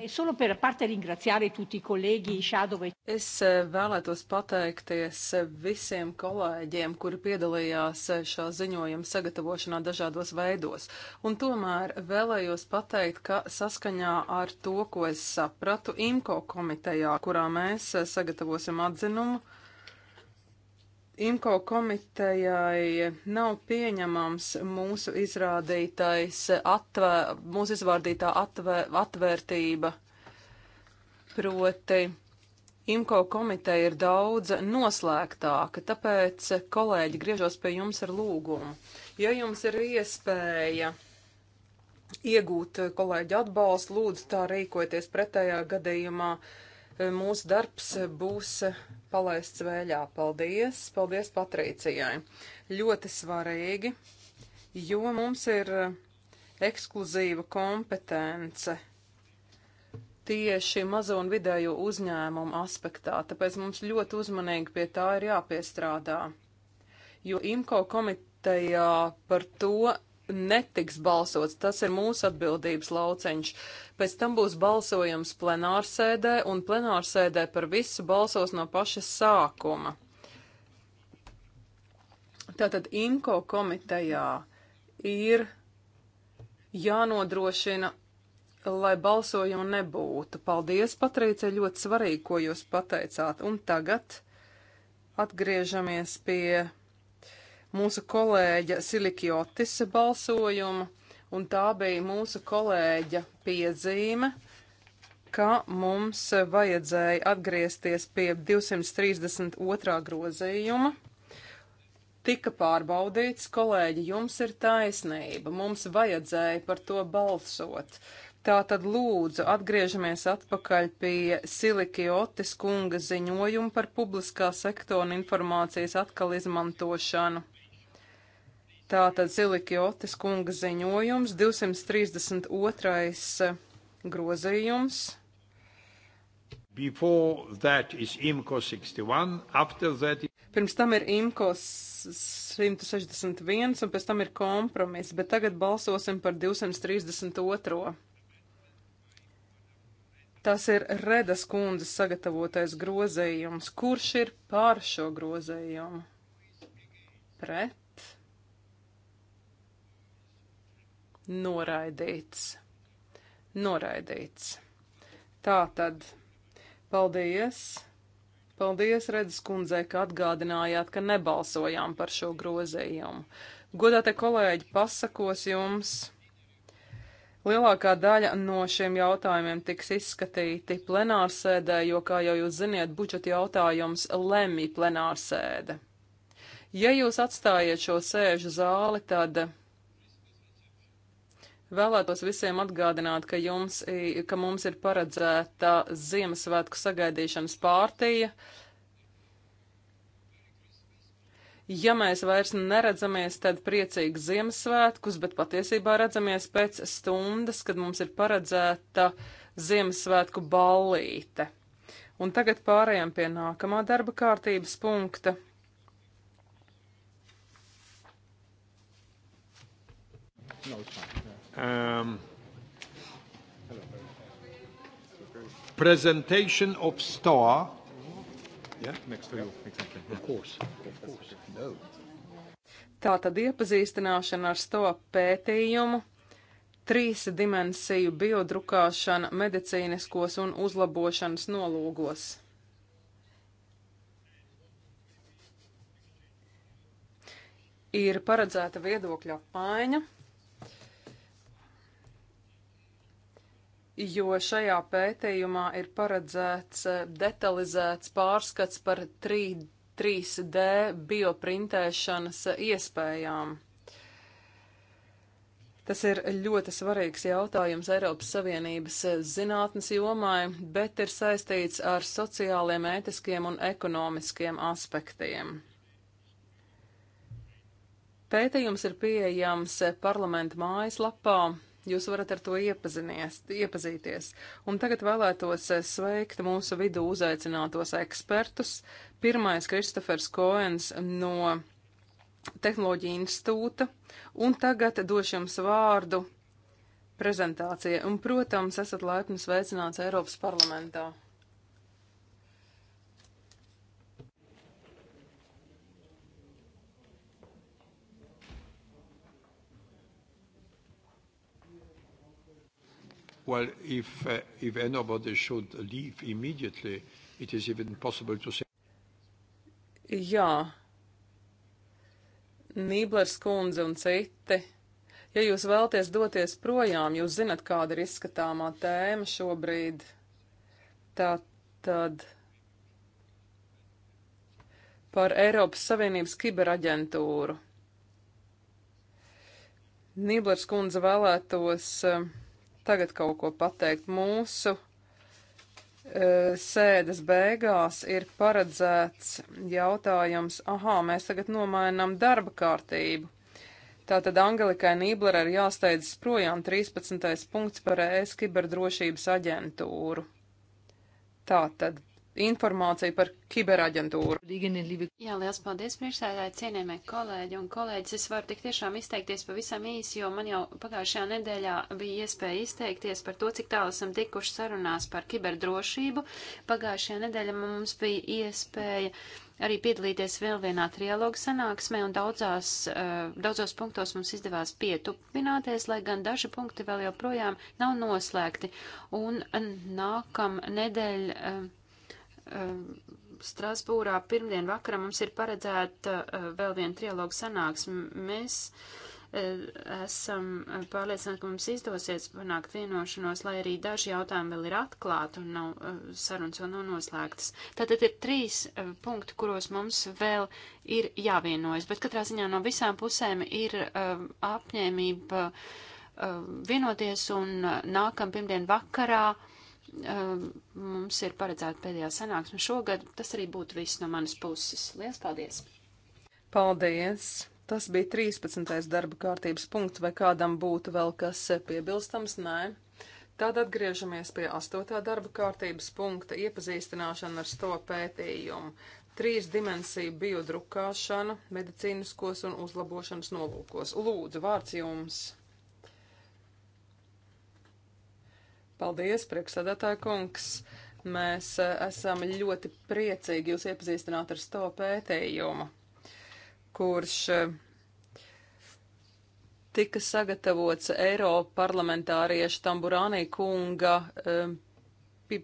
E solo per parte ringraziare tutti i colleghi Shadow. E es eh, vēlētos pateikties visiem kolēģiem, kuri piedalījās eh, šā ziņojuma sagatavošanā dažādos veidos. Un tomēr vēlējos pateikt, ka saskaņā ar to, ko es sapratu IMCO komitejā, kurā mēs eh, sagatavosim atzinumu, IMCO komitejai nav pieņemams mūsu izrādītais atvē, mūsu izvārdītā atvē, atvērtība. Proti, IMCO komiteja ir daudz noslēgtāka, tāpēc, kolēģi, griežos pie jums ar lūgumu. Ja jums ir iespēja iegūt kolēģi atbalstu, lūdzu tā rīkoties pretējā gadījumā. Uh, mūsu darbs būs palaists vēļā. Paldies! Paldies Patricijai! Ļoti svarīgi, jo mums ir eh, ekskluzīva kompetence tieši mazo un vidējo uzņēmumu aspektā, tāpēc mums ļoti uzmanīgi pie tā ir jāpiestrādā. Jo IMCO komitejā par to netiks balsots. Tas ir mūsu atbildības lauceņš. Pēc tam būs balsojums plenārsēdē, un plenārsēdē par visu balsos no paša sākuma. Tātad IMCO komitejā ir jānodrošina, lai balsojumu nebūtu. Paldies, Patricija, ļoti svarīgi, ko jūs pateicāt. Un tagad atgriežamies pie mūsu kolēģa Silikjotis balsojumu, un tā bija mūsu kolēģa piezīme, ka mums vajadzēja atgriezties pie 232. grozījuma. Tika pārbaudīts, kolēģi, jums ir taisnība, mums vajadzēja par to balsot. Tā tad lūdzu atgriežamies atpakaļ pie Silikiotis kunga ziņojuma par publiskā sektora informācijas atkal izmantošanu. Tātad Zilikjotis kunga ziņojums, 232. Eh, grozījums. It... Pirms tam ir IMCO 161 un pēc tam ir kompromiss, bet tagad balsosim par 232. Tas ir Redas kundzes sagatavotais grozījums. Kurš ir pār šo grozījumu? Pret? noraidīts. Noraidīts. Tā tad, paldies! Paldies, Redzes kundzē, ka atgādinājāt, ka nebalsojām par šo grozījumu. Godātie kolēģi, pasakos jums! Lielākā daļa no šiem jautājumiem tiks izskatīti plenārsēdē, jo, kā jau jūs ziniet, budžeta jautājums lemj plenārsēde. Ja jūs atstājiet šo sēžu zāli, tad Vēlētos visiem atgādināt, ka, jums, ka mums ir paredzēta Ziemassvētku sagaidīšanas pārtīja. Ja mēs vairs neredzamies, tad priecīgs Ziemassvētkus, bet patiesībā redzamies pēc stundas, kad mums ir paredzēta Ziemassvētku ballīte. Un tagad pārējām pie nākamā darba kārtības punkta. No, it's fine um, presentation of STOA. Yeah, next to you, exactly. Yeah. Of course, of course. No. Tā tad iepazīstināšana ar STOA pētījumu, trīs dimensiju biodrukāšana medicīniskos un uzlabošanas nolūgos. Ir paredzēta viedokļa apmaiņa. jo šajā pētījumā ir paredzēts eh, detalizēts pārskats par 3, 3D bioprintēšanas iespējām. Tas ir ļoti svarīgs jautājums Eiropas Savienības eh, zinātnes jomai, bet ir saistīts ar sociāliem, ētiskiem un ekonomiskiem aspektiem. Pētījums ir pieejams eh, parlamenta mājaslapā, Jūs varat ar to iepazīties. Un tagad vēlētos eh, sveikt mūsu vidu uzaicinātos ekspertus. Pirmais Kristofers Koens no Tehnoloģija institūta, un tagad došu jums vārdu prezentācija, un, protams, esat laipni sveicināts Eiropas parlamentā. Well, if, uh, if anybody should leave immediately, it is even possible to say. Jā. Nīblers kundze un citi. Ja jūs vēlties doties projām, jūs zinat, kāda ir izskatāmā tēma šobrīd. Tā tad par Eiropas Savienības kiberaģentūru. Nīblers kundze vēlētos. Uh, tagad kaut ko pateikt. Mūsu e, sēdes beigās ir paredzēts jautājums, aha, mēs tagad nomainām darba kārtību. Tātad Angelikai Nībler ir jāsteidzas projām 13. punkts par ES kiberdrošības aģentūru. Tātad informāciju par kiberaģentūru. Jā, liels paldies, priekšsēdētāji, cienījamie kolēģi un kolēģis. Es varu tik tiešām izteikties pavisam īsi, jo man jau pagājušajā nedēļā bija iespēja izteikties par to, cik tālu esam tikuši sarunās par kiberdrošību. Pagājušajā nedēļā mums bija iespēja arī piedalīties vēl vienā trialogu sanāksmē, un daudzās, eh, daudzos punktos mums izdevās pietupināties, lai gan daži punkti vēl joprojām nav noslēgti. Un eh, nākam nedēļ eh, Ehm, Strasbūrā pirmdien vakarā mums ir paredzēta eh, vēl viena trialoga sanāksme. Mēs eh, esam eh, pārliecināti, ka mums izdosies panākt vienošanos, lai arī daži jautājumi vēl ir atklāti un nav sarunas vēl nav noslēgtas. Tātad ir trīs punkti, kuros mums vēl ir jāvienojas, bet katrā ziņā no visām pusēm ir apņēmība vienoties un nākam pirmdien vakarā mums ir paredzēta pēdējā sanāksme šogad. Tas arī būtu viss no manas puses. Lielas paldies! Paldies! Tas bija 13. darba kārtības punkts, vai kādam būtu vēl kas piebilstams? Nē. Tad atgriežamies pie 8. darba kārtības punkta - iepazīstināšana ar to pētījumu. Trīs dimensiju biodrukāšana medicīniskos un uzlabošanas nolūkos. Lūdzu, vārds jums! Paldies, priekšsēdētāja kungs! Mēs eh, esam ļoti priecīgi jūs iepazīstināt ar to pētījumu, kurš eh, tika sagatavots Eiropa parlamentārieša Tamburānī kunga eh,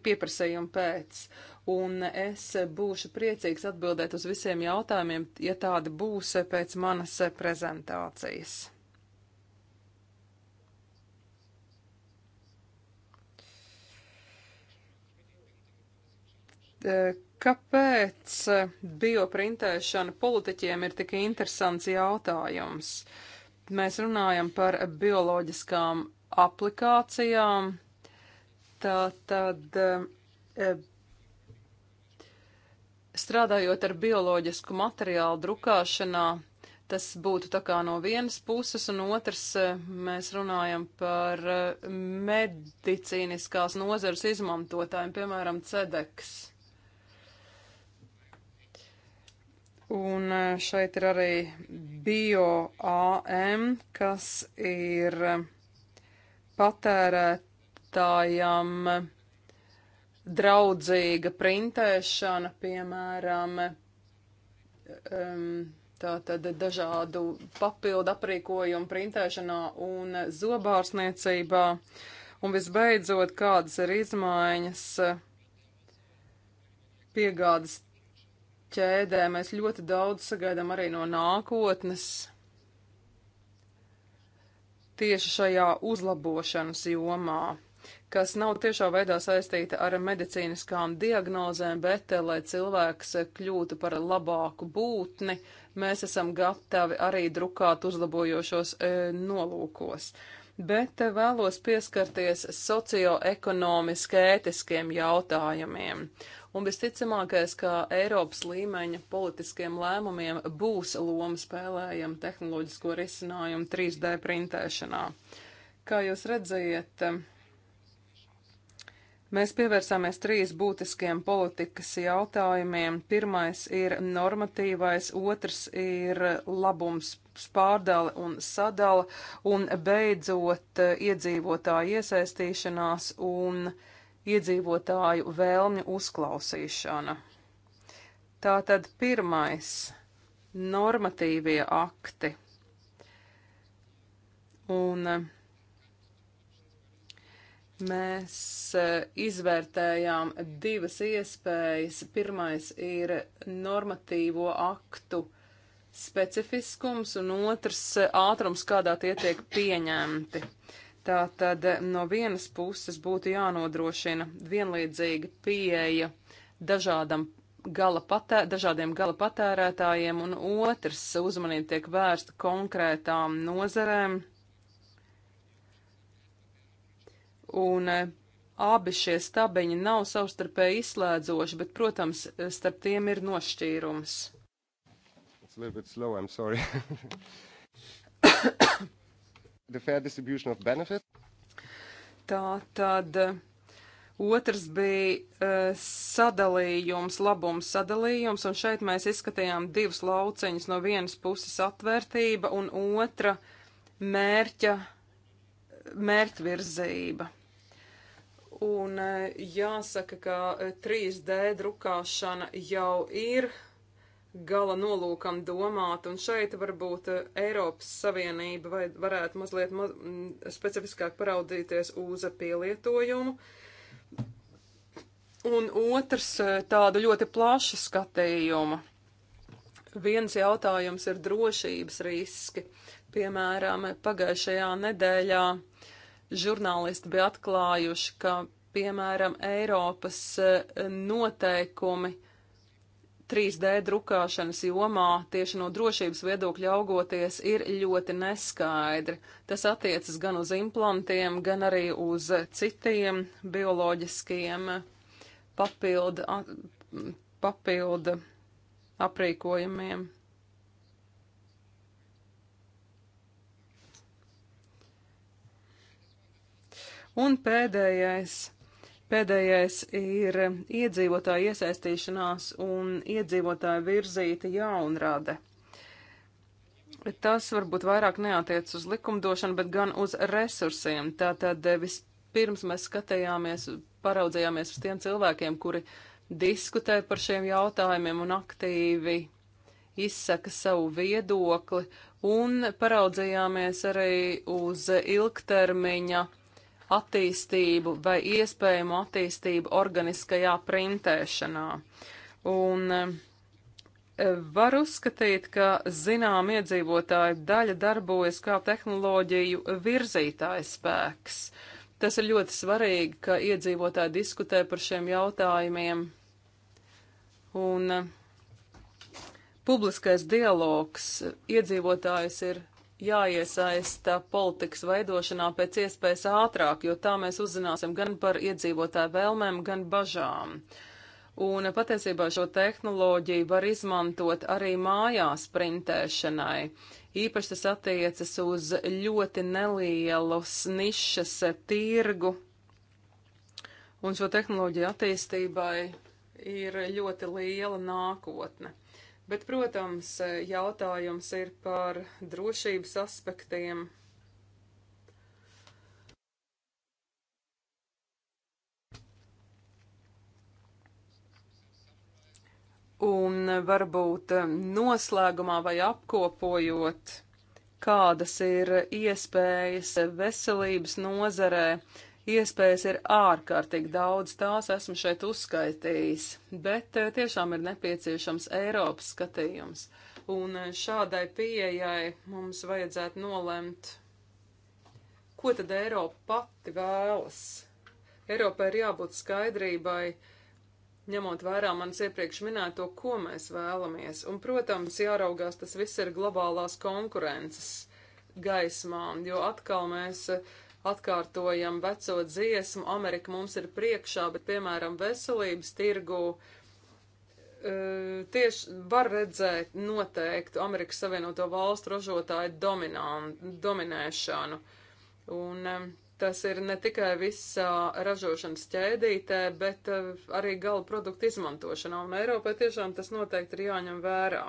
pieprasījuma pēc. Un es būšu priecīgs atbildēt uz visiem jautājumiem, ja tādi būs pēc manas prezentācijas. Eh, kāpēc bioprintēšana politiķiem ir tik interesants jautājums? Mēs runājam par bioloģiskām aplikācijām. Tā tad eh, strādājot ar bioloģisku materiālu drukāšanā, tas būtu tā kā no vienas puses, un otrs eh, mēs runājam par medicīniskās nozares izmantotājiem, piemēram, cedeks. Un e, šeit ir arī bio AM, kas ir patērētājam draudzīga printēšana, piemēram, tātad dažādu papildu aprīkojumu printēšanā un zobārsniecībā. Un visbeidzot, kādas ir izmaiņas piegādes ķēdē mēs ļoti daudz sagaidām arī no nākotnes. Tieši šajā uzlabošanas jomā, kas nav tiešā veidā saistīta ar medicīniskām diagnozēm, bet eh, lai cilvēks eh, kļūtu par labāku būtni, mēs esam gatavi arī drukāt uzlabojošos e, nolūkos. Uh, bet vēlos pieskarties socioekonomiski ētiskiem jautājumiem. Un visticamākais, ka Eiropas līmeņa politiskiem lēmumiem būs loma spēlējama tehnoloģisko risinājumu 3D printēšanā. Kā jūs redzējat, Mēs pievērsāmies trīs būtiskiem politikas jautājumiem. Pirmais ir normatīvais, otrs ir labums pārdala un sadala, un beidzot eh, iedzīvotāju iesaistīšanās un iedzīvotāju vēlmju uzklausīšana. Tātad pirmais - normatīvie akti. Un eh, Mēs eh, izvērtējām divas iespējas. Pirmais ir normatīvo aktu specifiskums, un otrs eh, ātrums, kādā tie tiek pieņemti. Tātad eh, no vienas puses būtu jānodrošina vienlīdzīga pieeja dažādam gala patē, dažādiem gala patērētājiem, un otrs uzmanība tiek vērsta konkrētām nozerēm un eh, abi šie stabiņi nav savstarpēji izslēdzoši, bet, protams, eh, starp tiem ir nošķīrums. Slow, Tā tad eh, otrs bija uh, sadalījums, labums sadalījums, un šeit mēs izskatījām divus lauceņus no vienas puses atvērtība un otra mērķa, mērķvirzība. Un eh, jāsaka, ka 3D eh, drukāšana jau ir gala nolūkam domāt, un šeit varbūt eh, Eiropas Savienība vai varētu mazliet maz, specifiskāk paraudzīties uz pielietojumu. Un otrs tādu ļoti plašu skatījumu. Viens jautājums ir drošības riski. Piemēram, pagājušajā nedēļā uh, žurnālisti bija atklājuši, ka, piemēram, Eiropas eh, noteikumi 3D drukāšanas jomā tieši no drošības viedokļa augoties ir ļoti neskaidri. Tas attiecas gan uz implantiem, gan arī uz citiem bioloģiskiem eh, papildu, papildu aprīkojumiem. Un pēdējais. Pēdējais ir iedzīvotāja iesaistīšanās un iedzīvotāja virzīta jaunrade. Tas varbūt vairāk neatiec uz likumdošanu, bet gan uz resursiem. Tātad eh, vispirms mēs skatījāmies, paraudzījāmies uz tiem cilvēkiem, kuri diskutē par šiem jautājumiem un aktīvi izsaka savu viedokli, un paraudzījāmies arī uz ilgtermiņa uh, attīstību vai iespējamu attīstību organiskajā printēšanā. Un e, var uzskatīt, ka zinām iedzīvotāju daļa darbojas kā tehnoloģiju virzītājs spēks. Tas ir ļoti svarīgi, ka iedzīvotāji diskutē par šiem jautājumiem. Un e, publiskais dialogs iedzīvotājs ir jāiesaista politikas veidošanā pēc iespējas ātrāk, jo tā mēs uzzināsim gan par iedzīvotāju vēlmēm, gan bažām. Un patiesībā šo tehnoloģiju var izmantot arī mājās printēšanai. Īpaši tas attiecas uz ļoti nelielu nišas tirgu. Un šo tehnoloģiju attīstībai ir ļoti liela nākotne. Bet, protams, jautājums ir par drošības aspektiem. Un varbūt noslēgumā vai apkopojot, kādas ir iespējas veselības nozarē, uh, Iespējas ir ārkārtīgi daudz, tās esmu šeit uzskaitījis, bet eh, tiešām ir nepieciešams Eiropas skatījums. Un eh, šādai pieejai mums vajadzētu nolemt, ko tad Eiropa pati vēlas. Eiropai ir jābūt skaidrībai, ņemot vērā manis iepriekš minēto, ko mēs vēlamies. Un, protams, jāraugās tas viss ir globālās konkurences gaismā, jo atkal mēs eh, atkārtojam veco dziesmu, Amerika mums ir priekšā, bet, piemēram, veselības tirgu e, tieši var redzēt noteiktu Amerikas Savienoto Valstu ražotāju dominā, dominēšanu. Un e, tas ir ne tikai visā ražošanas ķēdītē, bet e, arī gala produktu izmantošanā. Un Eiropai tiešām tas noteikti ir jāņem vērā,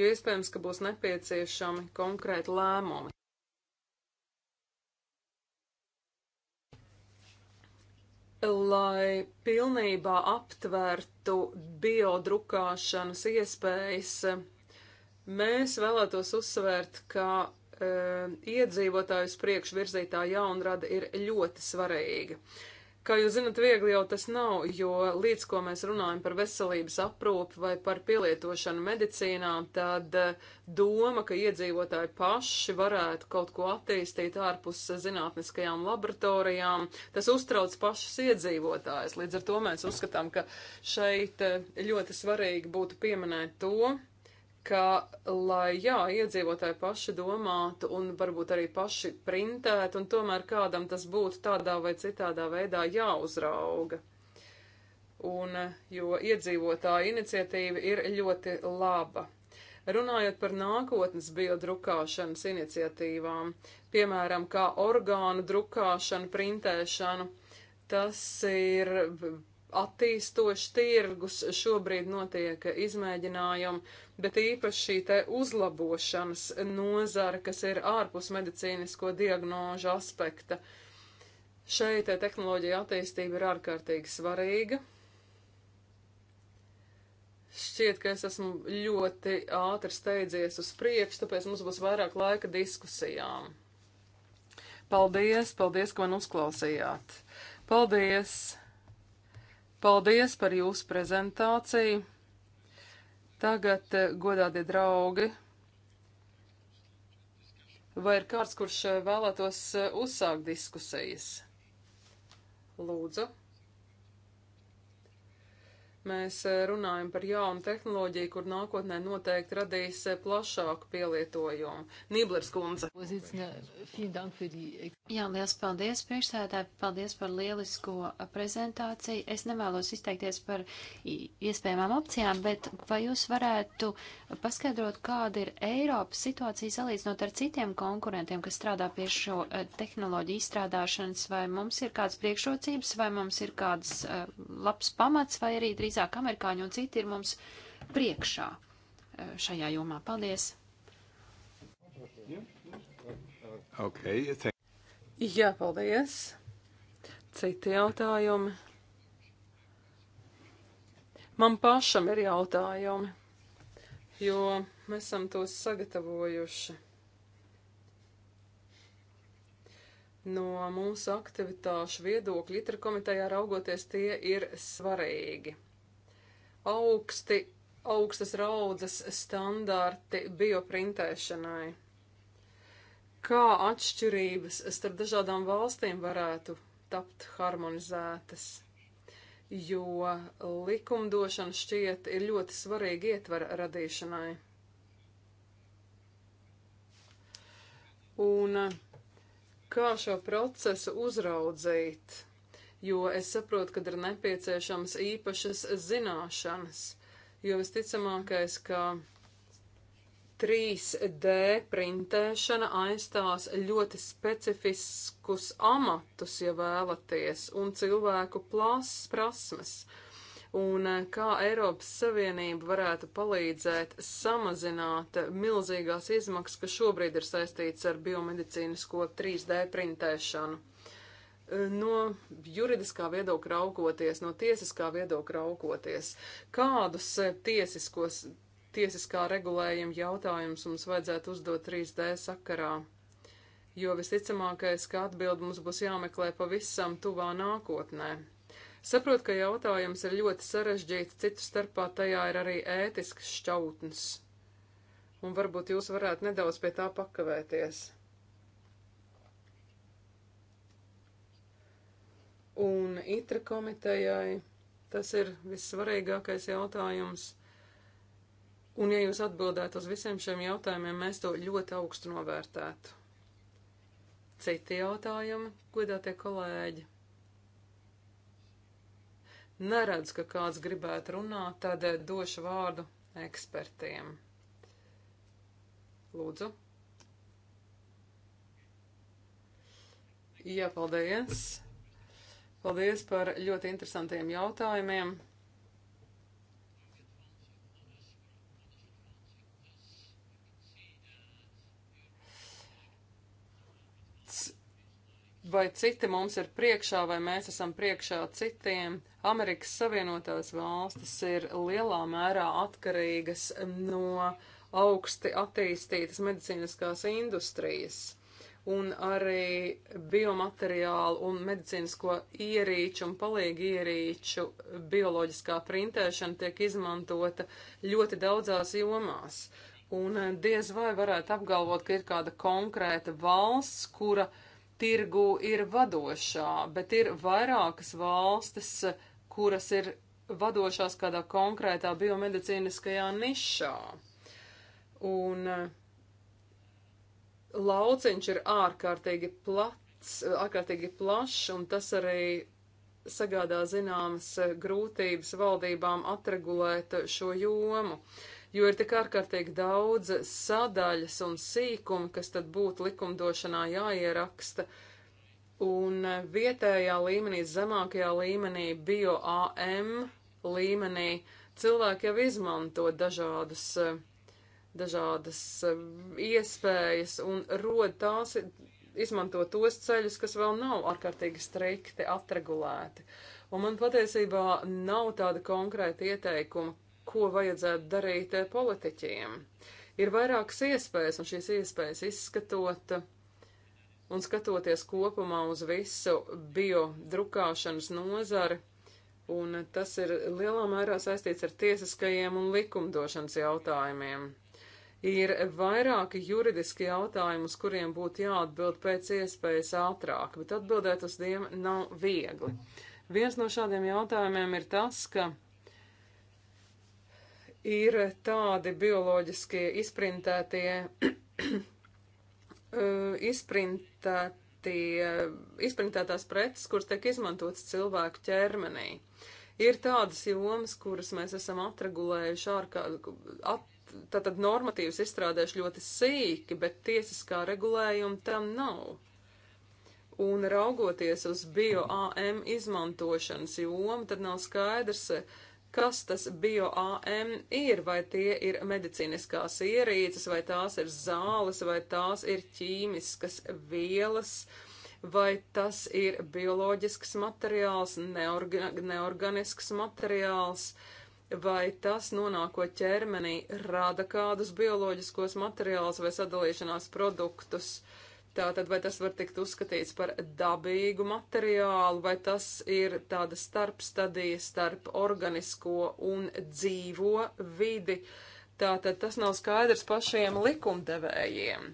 jo iespējams, ka būs nepieciešami konkrēti lēmumi. lai pilnībā aptvertu biodrukāšanas iespējas, mēs vēlētos uzsvērt, ka e, iedzīvotājus priekšvirzītā jaunrada ir ļoti svarīga. Kā jūs zinat, viegli jau tas nav, jo līdz ko mēs runājam par veselības aprūpi vai par pielietošanu medicīnā, tad eh, doma, ka iedzīvotāji paši varētu kaut ko attīstīt ārpus zinātniskajām laboratorijām, tas uztrauc pašus iedzīvotājus. Līdz ar to mēs uzskatām, ka šeit eh, ļoti svarīgi būtu pieminēt to, ka, lai jā, iedzīvotāji paši domātu un varbūt arī paši printētu, un tomēr kādam tas būtu tādā vai citādā veidā jāuzrauga. Un, jo iedzīvotāja iniciatīva ir ļoti laba. Runājot par nākotnes biodrukāšanas iniciatīvām, piemēram, kā orgānu drukāšanu, printēšanu, tas ir attīstošs tirgus, šobrīd notiek izmēģinājumi, bet īpaši šī te uzlabošanas nozara, kas ir ārpus medicīnisko diagnožu aspekta. Šeit te tehnoloģija attīstība ir ārkārtīgi svarīga. Šķiet, ka es esmu ļoti ātri steidzies uz priekšu, tāpēc mums būs vairāk laika diskusijām. Paldies, paldies, ka man uzklausījāt. Paldies! Paldies par jūsu prezentāciju. Tagad, eh, godātie draugi, vai ir kāds, kurš eh, vēlētos eh, uzsākt diskusijas? Lūdzu. Mēs e, runājam par jaunu tehnoloģiju, kur nākotnē noteikti radīs e, plašāku pielietojumu. Nīblers kundze. Jā, liels paldies priekšsēdētāji, paldies par lielisko e, prezentāciju. Es nevēlos izteikties par iespējamām opcijām, bet vai jūs varētu paskaidrot, kāda ir Eiropas situācija salīdzinot ar citiem konkurentiem, kas strādā pie šo tehnoloģiju izstrādāšanas, vai mums ir kādas priekšrocības, vai mums ir kāds labs pamats, vai arī drīz drīzāk amerikāņi un citi ir mums priekšā e, šajā jomā. Paldies! Okay, Jā, paldies! Citi jautājumi. Man pašam ir jautājumi, jo mēs esam tos sagatavojuši. No mūsu aktivitāšu viedokļa, itra komitejā raugoties, tie ir svarīgi augsti, augstas raudzes standarti bioprintēšanai. Kā atšķirības starp dažādām valstīm varētu tapt harmonizētas? Jo likumdošana šķiet ir ļoti svarīga ietvara radīšanai. Un kā šo procesu uzraudzīt? jo es saprotu, ka ir nepieciešams īpašas zināšanas, jo visticamākais, ka 3D printēšana aizstās ļoti specifiskus amatus, ja vēlaties, un cilvēku plās prasmes un eh, kā Eiropas Savienība varētu palīdzēt samazināt milzīgās izmaksas, kas šobrīd ir saistīts ar biomedicīnisko 3D printēšanu no juridiskā viedokļa raugoties, no tiesiskā viedokļa raugoties, kādus eh, tiesiskos, tiesiskā regulējuma jautājumus mums vajadzētu uzdot 3D sakarā. Jo visticamākais, ka atbildi mums būs jāmeklē pavisam tuvā nākotnē. Saprotu, ka jautājums ir ļoti sarežģīts, citu starpā tajā ir arī ētisks šķautnes. Un varbūt jūs varētu nedaudz pie tā pakavēties. un itra komitejai. Tas ir vissvarīgākais jautājums. Un, ja jūs atbildētu uz visiem šiem jautājumiem, mēs to ļoti augstu novērtētu. Citi jautājumi, godātie kolēģi. Neredz, ka kāds gribētu runāt, tad došu vārdu ekspertiem. Lūdzu. Jā, paldies. Paldies par ļoti interesantiem jautājumiem. vai citi mums ir priekšā, vai mēs esam priekšā citiem. Amerikas Savienotās valstis ir lielā mērā atkarīgas no augsti attīstītas medicīniskās industrijas un arī biomateriālu un medicīnisko ierīču un palīgi ierīču bioloģiskā printēšana tiek izmantota ļoti daudzās jomās. Un eh, diez vai varētu apgalvot, ka ir kāda konkrēta valsts, kura tirgu ir vadošā, bet ir vairākas valstis, kuras ir vadošās kādā konkrētā biomedicīniskajā nišā. Un uh, lauciņš ir ārkārtīgi plats, eh, ārkārtīgi plašs, un tas arī sagādā zināmas eh, grūtības valdībām atregulēt eh, šo jomu, jo ir tik ārkārtīgi daudz sadaļas un sīkumu, kas tad būtu likumdošanā jāieraksta, un vietējā līmenī, zemākajā līmenī, bio AM līmenī cilvēki jau izmanto dažādus uh, dažādas um, iespējas un rod tās, izmanto tos ceļus, kas vēl nav ārkārtīgi strikti atregulēti. Un man patiesībā nav tāda konkrēta ieteikuma, ko vajadzētu darīt eh, politiķiem. Ir vairākas iespējas, un šīs iespējas izskatot un skatoties kopumā uz visu biodrukāšanas nozari, un tas ir lielā mērā saistīts ar tiesiskajiem un likumdošanas jautājumiem ir vairāki juridiski jautājumi, uz kuriem būtu jāatbild pēc iespējas ātrāk, bet atbildēt uz tiem nav viegli. Viens no šādiem jautājumiem ir tas, ka ir tādi bioloģiskie izprintētie, eh, izprintētie, izprintētās preces, kuras tiek izmantotas cilvēku ķermenī. Ir tādas jomas, kuras mēs esam atregulējuši ārkārtīgi tātad normatīvs tai izstrādājuši ļoti sīki, bet tiesiskā regulējuma tam nav. Un raugoties uz bioAM izmantošanas jomu, tad nav skaidrs, kas tas bioAM ir, vai tie ir medicīniskās ierīces, vai tās ir zāles, vai tās ir ķīmiskas vielas, vai tas ir bioloģisks materiāls, neorga neorganisks materiāls. Uh, vai tas nonākot ķermenī rada kādus bioloģiskos materiālus vai sadalīšanās produktus. Tātad, vai tas var tikt uzskatīts par dabīgu materiālu, vai tas ir tāda starpstadija starp organisko un dzīvo vidi. Tātad tas nav skaidrs pašiem likumdevējiem.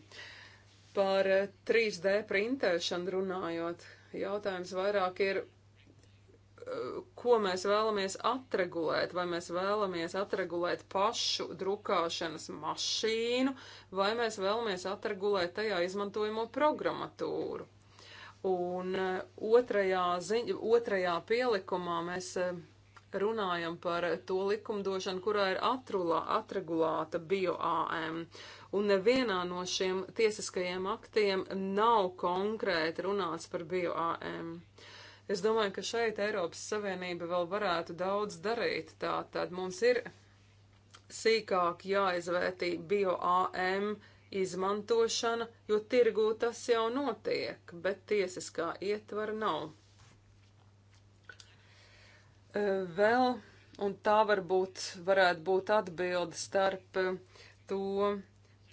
Par 3D printēšanu runājot, jautājums vairāk ir ko mēs vēlamies atregulēt, vai mēs vēlamies atregulēt pašu drukāšanas mašīnu, vai mēs vēlamies atregulēt tajā izmantojamo programmatūru. Un eh, otrajā, ziņ, otrajā pielikumā mēs eh, runājam par to likumdošanu, kurā ir atrulā, atregulāta bioAM. Un nevienā no šiem tiesiskajiem aktiem nav konkrēti runāts par bioAM. Uh, Es domāju, ka šeit Eiropas Savienība vēl varētu daudz darīt. Tātad mums ir sīkāk jāizvērtī bioAM izmantošana, jo tirgū tas jau notiek, bet tiesiskā ietvara nav. E, vēl, un tā varbūt varētu būt atbilde starp to,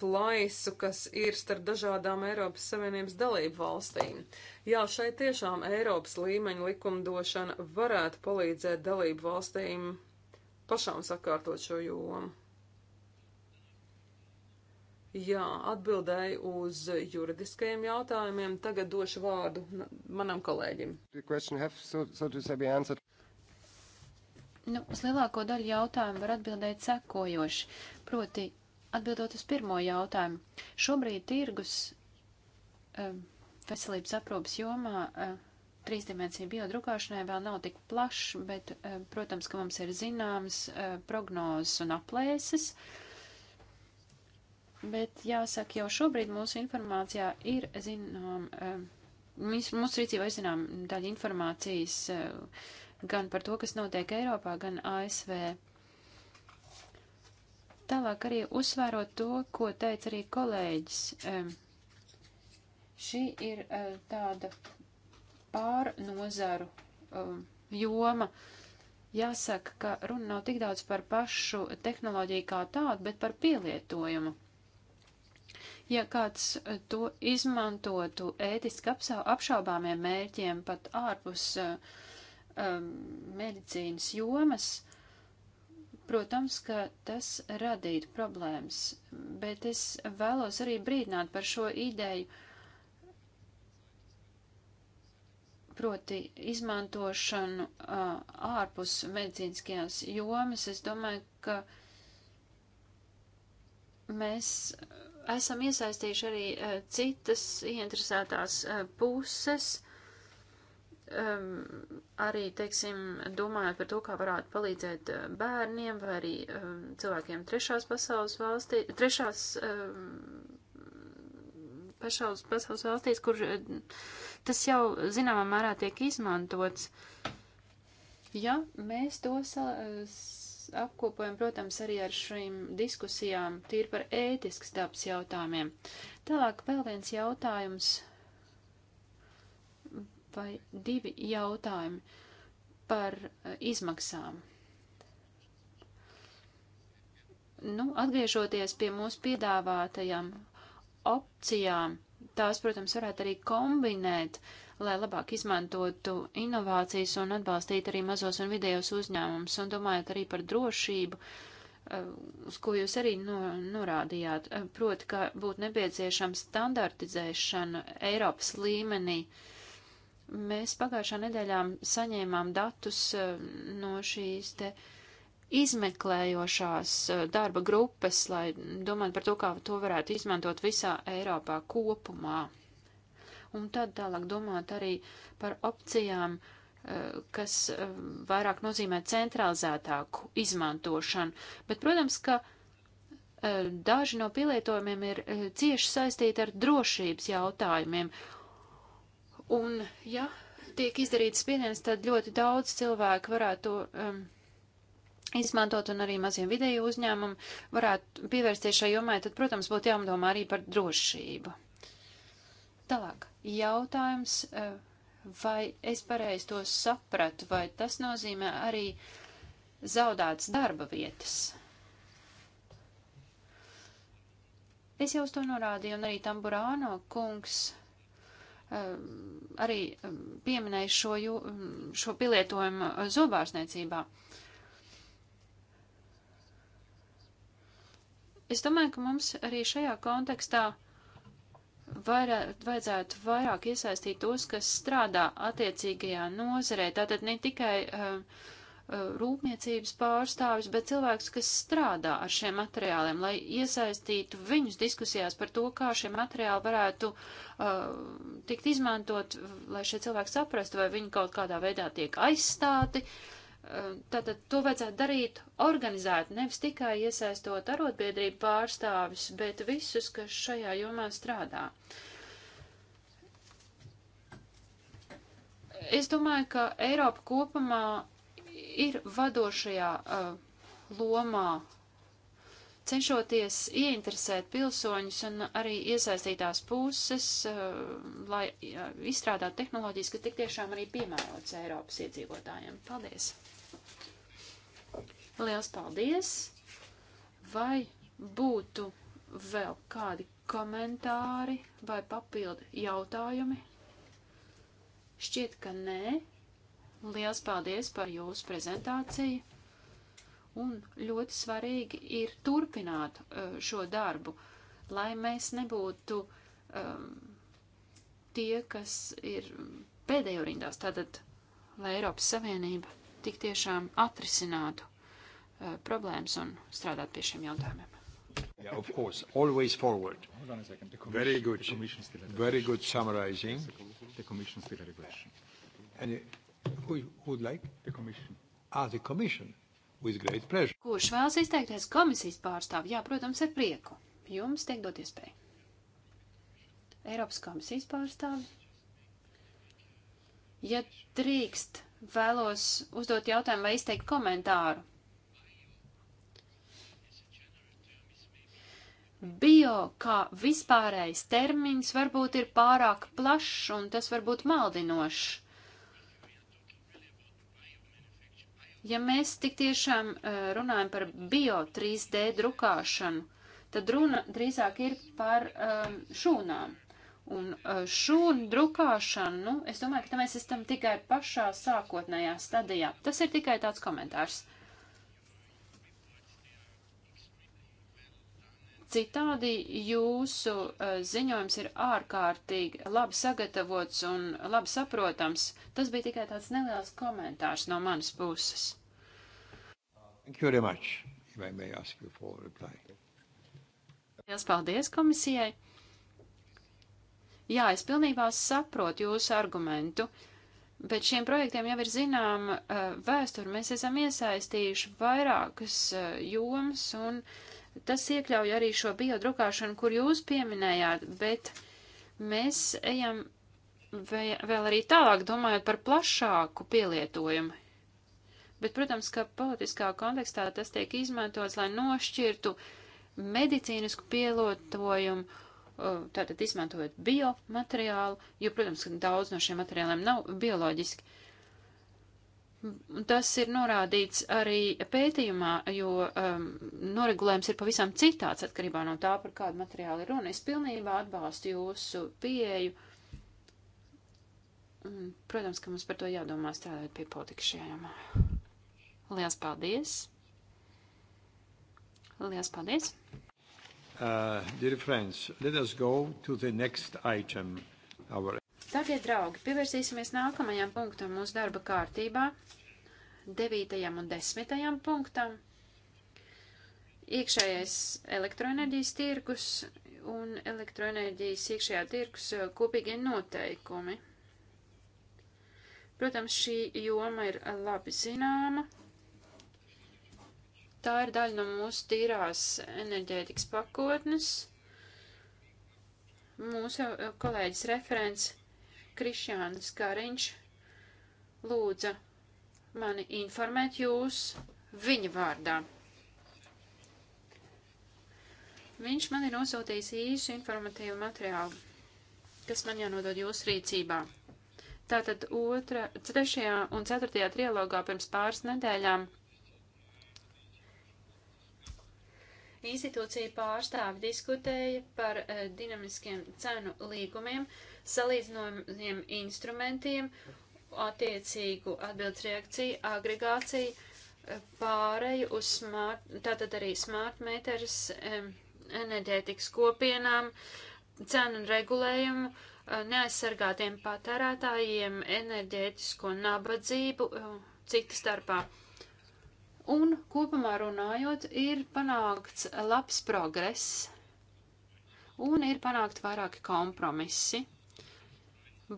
plaisu, kas ir starp dažādām Eiropas Savienības dalību valstīm. Jā, šai tiešām Eiropas līmeņa likumdošana varētu palīdzēt dalību valstīm pašām sakārtot šo jomu. Jā, atbildēju uz juridiskajiem jautājumiem. Tagad došu vārdu manam kolēģim. So, so nu, uz lielāko daļu jautājumu var atbildēt sekojoši. Proti, Atbildot uz pirmo jautājumu, šobrīd tirgus eh, veselības aprūpas jomā eh, trīsdimensiju biodrukāšanai vēl nav tik plašs, bet, eh, protams, ka mums ir zināms prognozes un aplēses. Bet jāsaka, jau šobrīd mūsu informācijā ir zinām, mūsu rīcībā ir zinām daļa informācijas gan par to, kas notiek Eiropā, gan ASV. Tālāk arī uzsvērot to, ko teica arī kolēģis. Šī ir e, tāda pārnozaru e, joma. Jāsaka, ka runa nav tik daudz par pašu tehnoloģiju kā tādu, bet par pielietojumu. Ja kāds e, to izmantotu ētiski apšaubāmiem mērķiem pat ārpus um, medicīnas jomas, uh, Protams, ka tas radītu problēmas, bet es vēlos arī brīdināt par šo ideju, proti izmantošanu uh, ārpus medicīniskajās jomas. Es domāju, ka mēs esam iesaistījuši arī uh, citas ieinteresētās uh, puses. Uh, um, arī, teiksim, domāju par to, kā varētu palīdzēt eh, bērniem vai arī um, cilvēkiem trešās pasaules valstī, trešās um, pašaus, pasaules valstīs, kur eh, tas jau zināmā mērā tiek izmantots. Ja mēs to eh, apkopojam, protams, arī ar šīm diskusijām tīri par ētisks dabas jautājumiem. Tālāk vēl viens jautājums vai divi jautājumi par e, izmaksām. Nu, atgriežoties pie mūsu piedāvātajām opcijām, tās, protams, varētu arī kombinēt, lai labāk izmantotu inovācijas un atbalstītu arī mazos un vidējos uzņēmumus, un domājot arī par drošību, e, uz ko jūs arī no, nu, norādījāt, e, proti, ka būtu nepieciešama standartizēšana Eiropas līmenī. Uh, Mēs pagājušā nedēļā saņēmām datus e, no šīs te izmeklējošās e, darba grupas, lai domātu par to, kā to varētu izmantot visā Eiropā kopumā. Un tad tālāk domāt arī par opcijām, e, kas vairāk nozīmē centralizētāku izmantošanu. Bet, protams, ka daži no pielietojumiem ir cieši saistīti ar drošības jautājumiem, Un, ja tiek izdarīts spiediens, tad ļoti daudz cilvēku varētu um, izmantot un arī maziem vidēju uzņēmumu varētu pievērsties šai jomai, tad, protams, būtu jādomā arī par drošību. Tālāk, jautājums, uh, vai es pareizi to sapratu, vai tas nozīmē arī zaudēts darba vietas? Es jau uz to norādīju, un arī Tamburāno kungs arī um, pieminēja šo, jū, um, šo pielietojumu zobārsniecībā. Es domāju, ka mums arī šajā kontekstā vairāk, vajadzētu vairāk iesaistīt tos, kas strādā attiecīgajā nozarē. Tātad ne tikai uh, Uh, rūpniecības pārstāvis, bet cilvēks, kas strādā ar šiem materiāliem, lai iesaistītu viņus diskusijās par to, kā šie materiāli varētu uh, tikt izmantot, lai šie cilvēki saprastu, vai viņi kaut kādā veidā tiek aizstāti. Uh, tātad to vajadzētu darīt organizēt, nevis tikai iesaistot arotbiedrību pārstāvis, bet visus, kas šajā jomā strādā. Es domāju, ka Eiropa kopumā ir vadošajā uh, lomā, cenšoties ieinteresēt pilsoņus un arī iesaistītās puses, uh, lai uh, izstrādātu tehnoloģijas, kas tik tiešām arī piemērots Eiropas iedzīvotājiem. Paldies! Liels paldies! Vai būtu vēl kādi komentāri vai papildu jautājumi? Šķiet, ka nē. Liels paldies par jūsu prezentāciju. Un ļoti svarīgi ir turpināt e, šo darbu, lai mēs nebūtu um, tie, kas ir pēdējo rindās. Tātad, lai Eiropas Savienība tik tiešām atrisinātu uh, problēmas un strādāt pie šiem jautājumiem. Yeah, of course, always forward. Hold on a second. The commission, Very good. The commission still had a Very question. good summarizing. The commission still had a question. And, uh, Who, who like? The commission. Ah, the commission. With great pleasure. Kurš vēlas izteikties komisijas pārstāv? Jā, protams, ar prieku. Jums tiek dot iespēju. Eiropas komisijas pārstāvi. Ja drīkst, vēlos uzdot jautājumu vai izteikt komentāru. Bio kā vispārējais termins varbūt ir pārāk plašs un tas varbūt maldinošs. Ja mēs tik tiešām e, runājam par bio 3D drukāšanu, tad runa drīzāk ir par um, šūnām. Un uh, šūnu drukāšanu, nu, es domāju, ka mēs esam tikai pašā sākotnējā stadijā. Tas ir tikai tāds komentārs. Uh, Citādi jūsu uh, ziņojums ir ārkārtīgi labi sagatavots un labi saprotams. Tas bija tikai tāds neliels komentārs no manas puses. Lielas paldies komisijai. Jā, es pilnībā saprotu jūsu argumentu. Bet šiem projektiem jau ir zināma uh, e, vēsture. Mēs esam iesaistījuši vairākas uh, jomas un uh, Tas iekļauj arī šo biodrukāšanu, kur jūs pieminējāt, bet mēs ejam vēl arī tālāk domājot par plašāku pielietojumu. Bet, protams, ka politiskā kontekstā tas tiek izmantots, lai nošķirtu medicīnisku pielietojumu, tātad izmantojot biomateriālu, jo, protams, daudz no šiem materiāliem nav bioloģiski. Uh, Tas ir norādīts arī pētījumā, jo um, noregulējums ir pavisam citāds atkarībā no tā, par kādu materiālu ir runa. Es pilnībā atbalstu jūsu pieeju. Un, protams, ka mums par to jādomā strādājot pie politikas šajā jomā. Lielas paldies! Lielas paldies! Uh, dear friends, let us go to the next item. Our... Darbie draugi, pievērsīsimies nākamajam punktam mūsu darba kārtībā, devītajam un desmitajam punktam. Iekšējais elektroenerģijas tirgus un elektroenerģijas iekšējā tirgus eh, kopīgie noteikumi. Protams, šī joma ir labi zināma. Tā ir daļa no mūsu tīrās enerģētikas pakotnes. Mūsu eh, kolēģis referents Krišjānis Kariņš lūdza mani informēt jūs viņa vārdā. Viņš man ir nosūtījis īsu informatīvu materiālu, kas man jānodod jūsu rīcībā. Tātad otra, trešajā un ceturtajā trilogā pirms pāris nedēļām institūcija pārstāvi diskutēja par uh, dinamiskiem cenu līgumiem, uh, salīdzinājumiem instrumentiem, attiecīgu atbildes reakciju, agregāciju, eh, pāreju uz smart, tātad arī smart meters, enerģētikas kopienām, cenu un regulējumu, eh, neaizsargātiem patērētājiem, enerģētisko nabadzību, eh, cita starpā. Un kopumā runājot, ir panākts labs progress un ir panākt vairāki kompromisi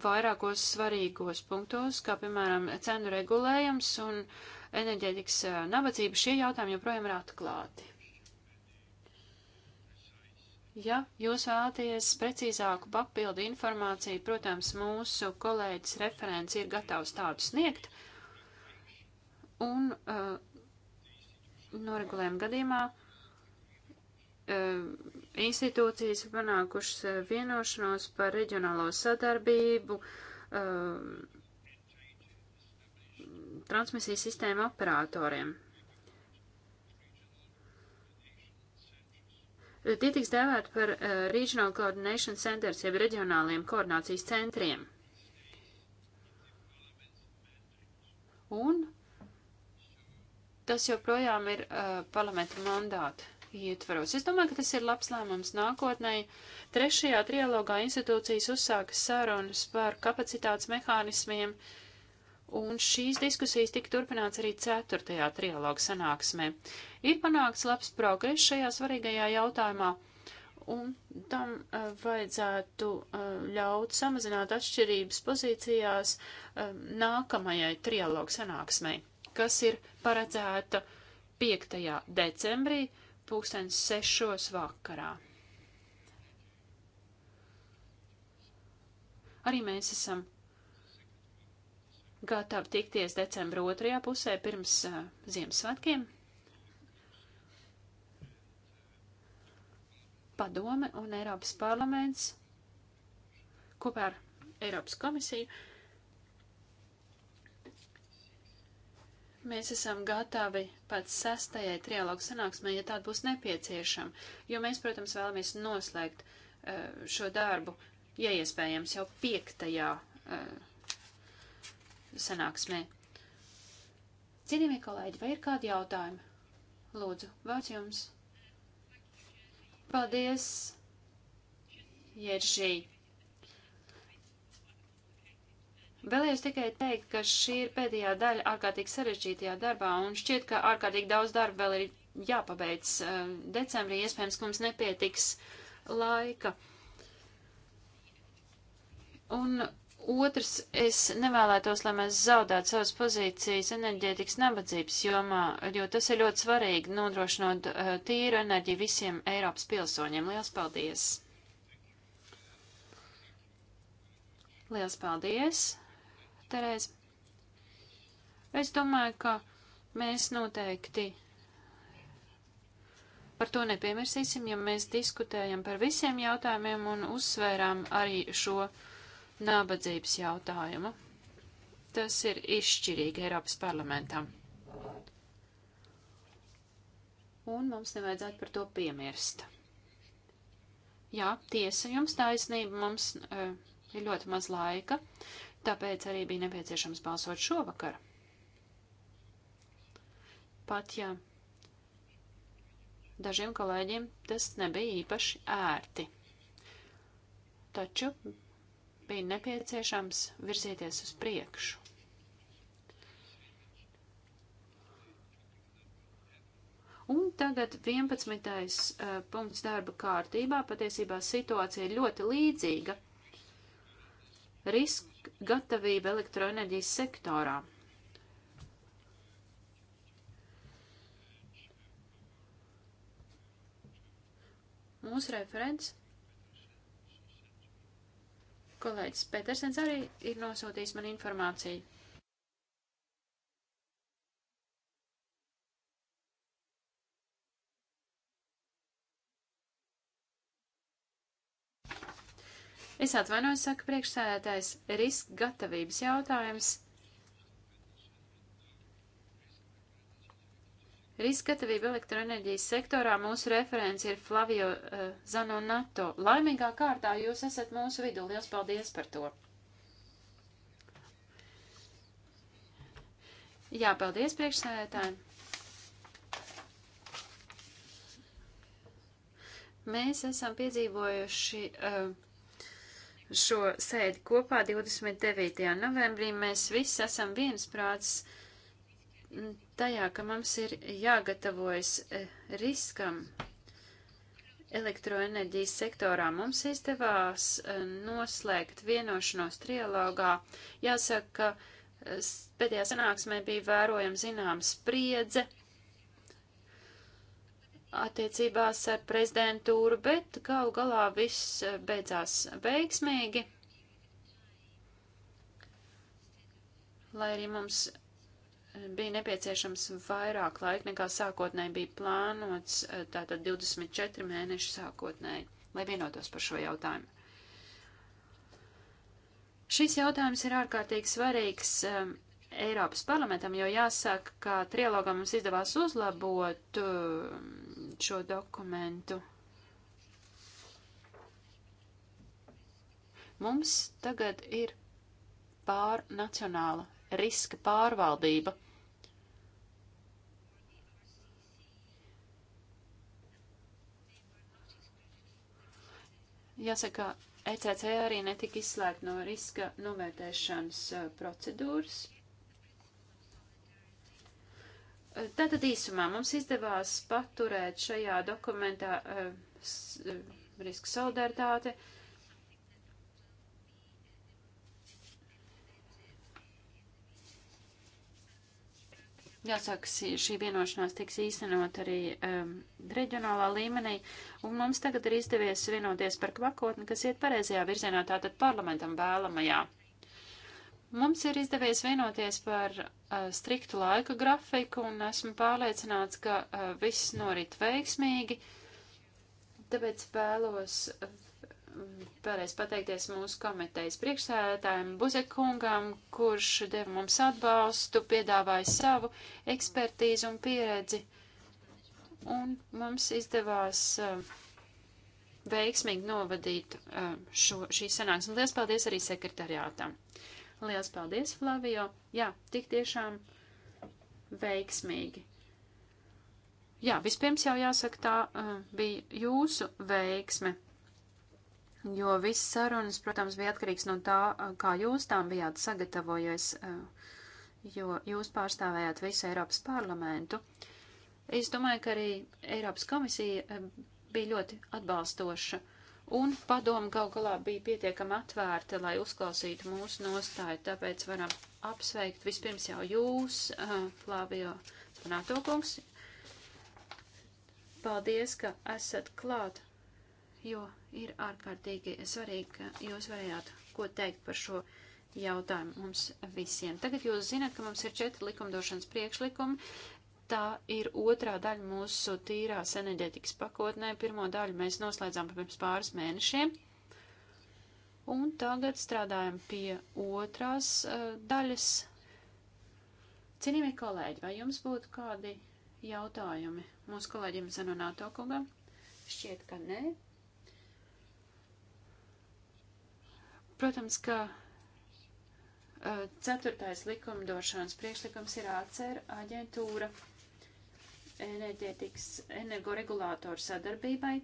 vairākos svarīgos punktos, kā piemēram cenu regulējums un enerģētikas nabadzība, šie jautājumi joprojām ir atklāti. Ja jūs vēlaties precīzāku papildu informāciju, protams, mūsu kolēģis referents ir gatavs tādu sniegt, un uh, noregulējuma gadījumā uh, Eh, institūcijas panākušas eh, vienošanos par reģionālo sadarbību eh, transmisijas sistēma operatoriem. Tie tiks dēvēti par uh, Regional Coordination Centers, jeb reģionāliem koordinācijas centriem. Un tas joprojām ir uh, parlamenta mandāta ietvaros. Es domāju, ka tas ir labs lēmums nākotnē. Trešajā trialogā institūcijas uzsāka sarunas par kapacitātes mehānismiem, un šīs diskusijas tika turpināts arī ceturtajā trialoga sanāksmē. Ir panākts labs progress šajā svarīgajā jautājumā, un tam uh, vajadzētu uh, ļaut samazināt atšķirības pozīcijās uh, nākamajai trialoga sanāksmei, kas ir paredzēta 5. decembrī, pulkstens sešos vakarā. Arī mēs esam gatavi tikties decembra otrajā pusē pirms uh, Ziemassvētkiem. Padome un Eiropas parlaments kopā ar Eiropas komisiju Mēs esam gatavi pat sastajai trialogu sanāksmē, ja tāda būs nepieciešama, jo mēs, protams, vēlamies noslēgt uh, šo darbu, ja iespējams, jau piektajā uh, sanāksmē. Cienījamie kolēģi, vai ir kādi jautājumi? Lūdzu, vārds jums. Paldies, Jeržī. Vēlējos tikai teikt, ka šī ir pēdējā daļa ārkārtīgi sarežģītajā darbā, un šķiet, ka ārkārtīgi daudz darba vēl ir jāpabeidz eh, decembrī, iespējams, ka mums nepietiks laika. Un otrs, es nevēlētos, lai mēs zaudētu savas pozīcijas enerģētikas nabadzības jomā, jo tas ir ļoti svarīgi nodrošinot uh, tīru enerģiju visiem Eiropas pilsoņiem. Lielas paldies! Lielas paldies! Terēz. Es domāju, ka mēs noteikti par to nepiemirsīsim, ja mēs diskutējam par visiem jautājumiem un uzsvērām arī šo nabadzības jautājumu. Tas ir izšķirīgi Eiropas parlamentam. Un mums nevajadzētu par to piemirst. Jā, tiesa, jums taisnība, mums uh, ir ļoti maz laika. Uh, Tāpēc arī bija nepieciešams balsot šovakar. Pat ja dažiem kolēģiem tas nebija īpaši ērti. Taču bija nepieciešams virzīties uz priekšu. Un tagad 11. Eh, punkts darba kārtībā. Patiesībā situācija ir ļoti līdzīga riska gatavība elektroenerģijas sektorā. Mūsu referents kolēģis Petersens arī ir nosūtījis man informāciju. Es atvainojos, saka priekšsēdētājs, riska gatavības jautājums. Riska gatavība elektroenerģijas sektorā mūsu referents ir Flavio uh, eh, Zanonato. Laimīgā kārtā jūs esat mūsu vidū. Lielas paldies par to! Jā, paldies priekšsēdētājiem! Mēs esam piedzīvojuši uh, šo sēdi kopā 29. novembrī. Mēs visi esam viensprāts tajā, ka mums ir jāgatavojas eh, riskam elektroenerģijas sektorā. Mums izdevās eh, noslēgt vienošanos trialogā. Jāsaka, ka eh, pēdējā sanāksmē bija vērojama zināma spriedze attiecībās ar prezidentūru, bet gal galā viss eh, beidzās veiksmīgi. Lai arī mums eh, bija nepieciešams vairāk laika nekā sākotnēji bija plānots, eh, tātad 24 mēneši sākotnēji, lai vienotos par šo jautājumu. Šis jautājums ir ārkārtīgi svarīgs um, Eiropas parlamentam, jo jāsaka, ka trilogam mums izdevās uzlabot um, šio dokumentu. Mums tagad ir pārnacionāla riska pārvaldība. Jāsaka, ECC arī netika izslēgta no riska novērtēšanas eh, procedūras. Tātad īsumā mums izdevās paturēt šajā dokumentā uh, eh, eh, riska solidaritāte. Jāsaka, šī vienošanās tiks īstenot arī um, reģionālā līmenī, un mums tagad ir izdevies vienoties par kvakotni, kas iet pareizajā virzienā, tātad parlamentam vēlamajā. Ja Mums ir izdevies vienoties par uh, striktu laika grafiku, un esmu pārliecināts, ka uh, viss norit veiksmīgi. Tāpēc vēlos uh, vēlreiz pateikties mūsu komitejas priekšsēdētājiem Buzekungam, kurš deva mums atbalstu, piedāvāja savu ekspertīzu un pieredzi. Un mums izdevās uh, veiksmīgi novadīt uh, šo, šī sanāksme. Lielas paldies arī sekretariātam. Uh, Lielas paldies, Flavio! Jā, tik tiešām veiksmīgi. Jā, vispirms jau jāsaka, tā uh, bija jūsu veiksme, jo viss sarunas, protams, bija atkarīgs no tā, uh, kā jūs tām bijāt sagatavojies, uh, jo jūs pārstāvējāt visu Eiropas parlamentu. Es domāju, ka arī Eiropas komisija uh, bija ļoti atbalstoša. Uh, Un padomu gal galā bija pietiekami atvērta, lai uzklausītu mūsu nostāju, tāpēc varam apsveikt vispirms jau jūs, eh, Flavio Donato kungs. Paldies, ka esat klāt, jo ir ārkārtīgi svarīgi, ka jūs varējāt ko teikt par šo jautājumu mums visiem. Tagad jūs zinat, ka mums ir četri likumdošanas priekšlikumi. Tā ir otrā daļa mūsu tīrās enerģētikas pakotnē. Pirmo daļu mēs noslēdzām pirms pāris mēnešiem. Un tagad strādājam pie otrās uh, daļas. Cienījamie kolēģi, vai jums būtu kādi jautājumi mūsu kolēģim Zanonāto kungam? Šķiet, ka nē. Protams, ka eh, ceturtais likumdošanas priekšlikums ir ACER aģentūra enerģētikas energoregulātoru sadarbībai.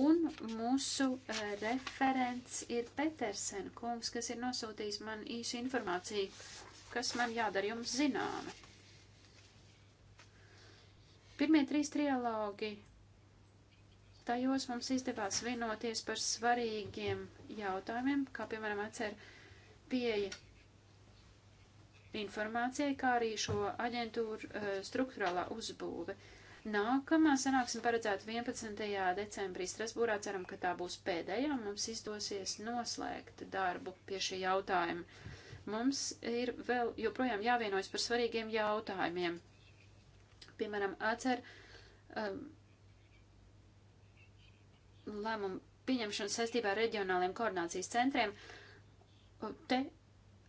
Un mūsu eh, referents ir Petersen kungs, kas ir nosūtījis man īsu informāciju, kas man jādara jums zināma. Pirmie trīs trialogi. Tajos mums izdevās vienoties par svarīgiem jautājumiem, kā piemēram atcer pieeja informācijai, kā arī šo aģentūru eh, struktūrālā uzbūve. Nākamā sanāksme paredzēta 11. decembrī Strasbūrā. Ceram, ka tā būs pēdējā. Mums izdosies noslēgt darbu pie šī jautājuma. Mums ir vēl joprojām jāvienojas par svarīgiem jautājumiem. Piemēram, atcer um, lēmumu pieņemšanu saistībā ar reģionāliem koordinācijas centriem. Te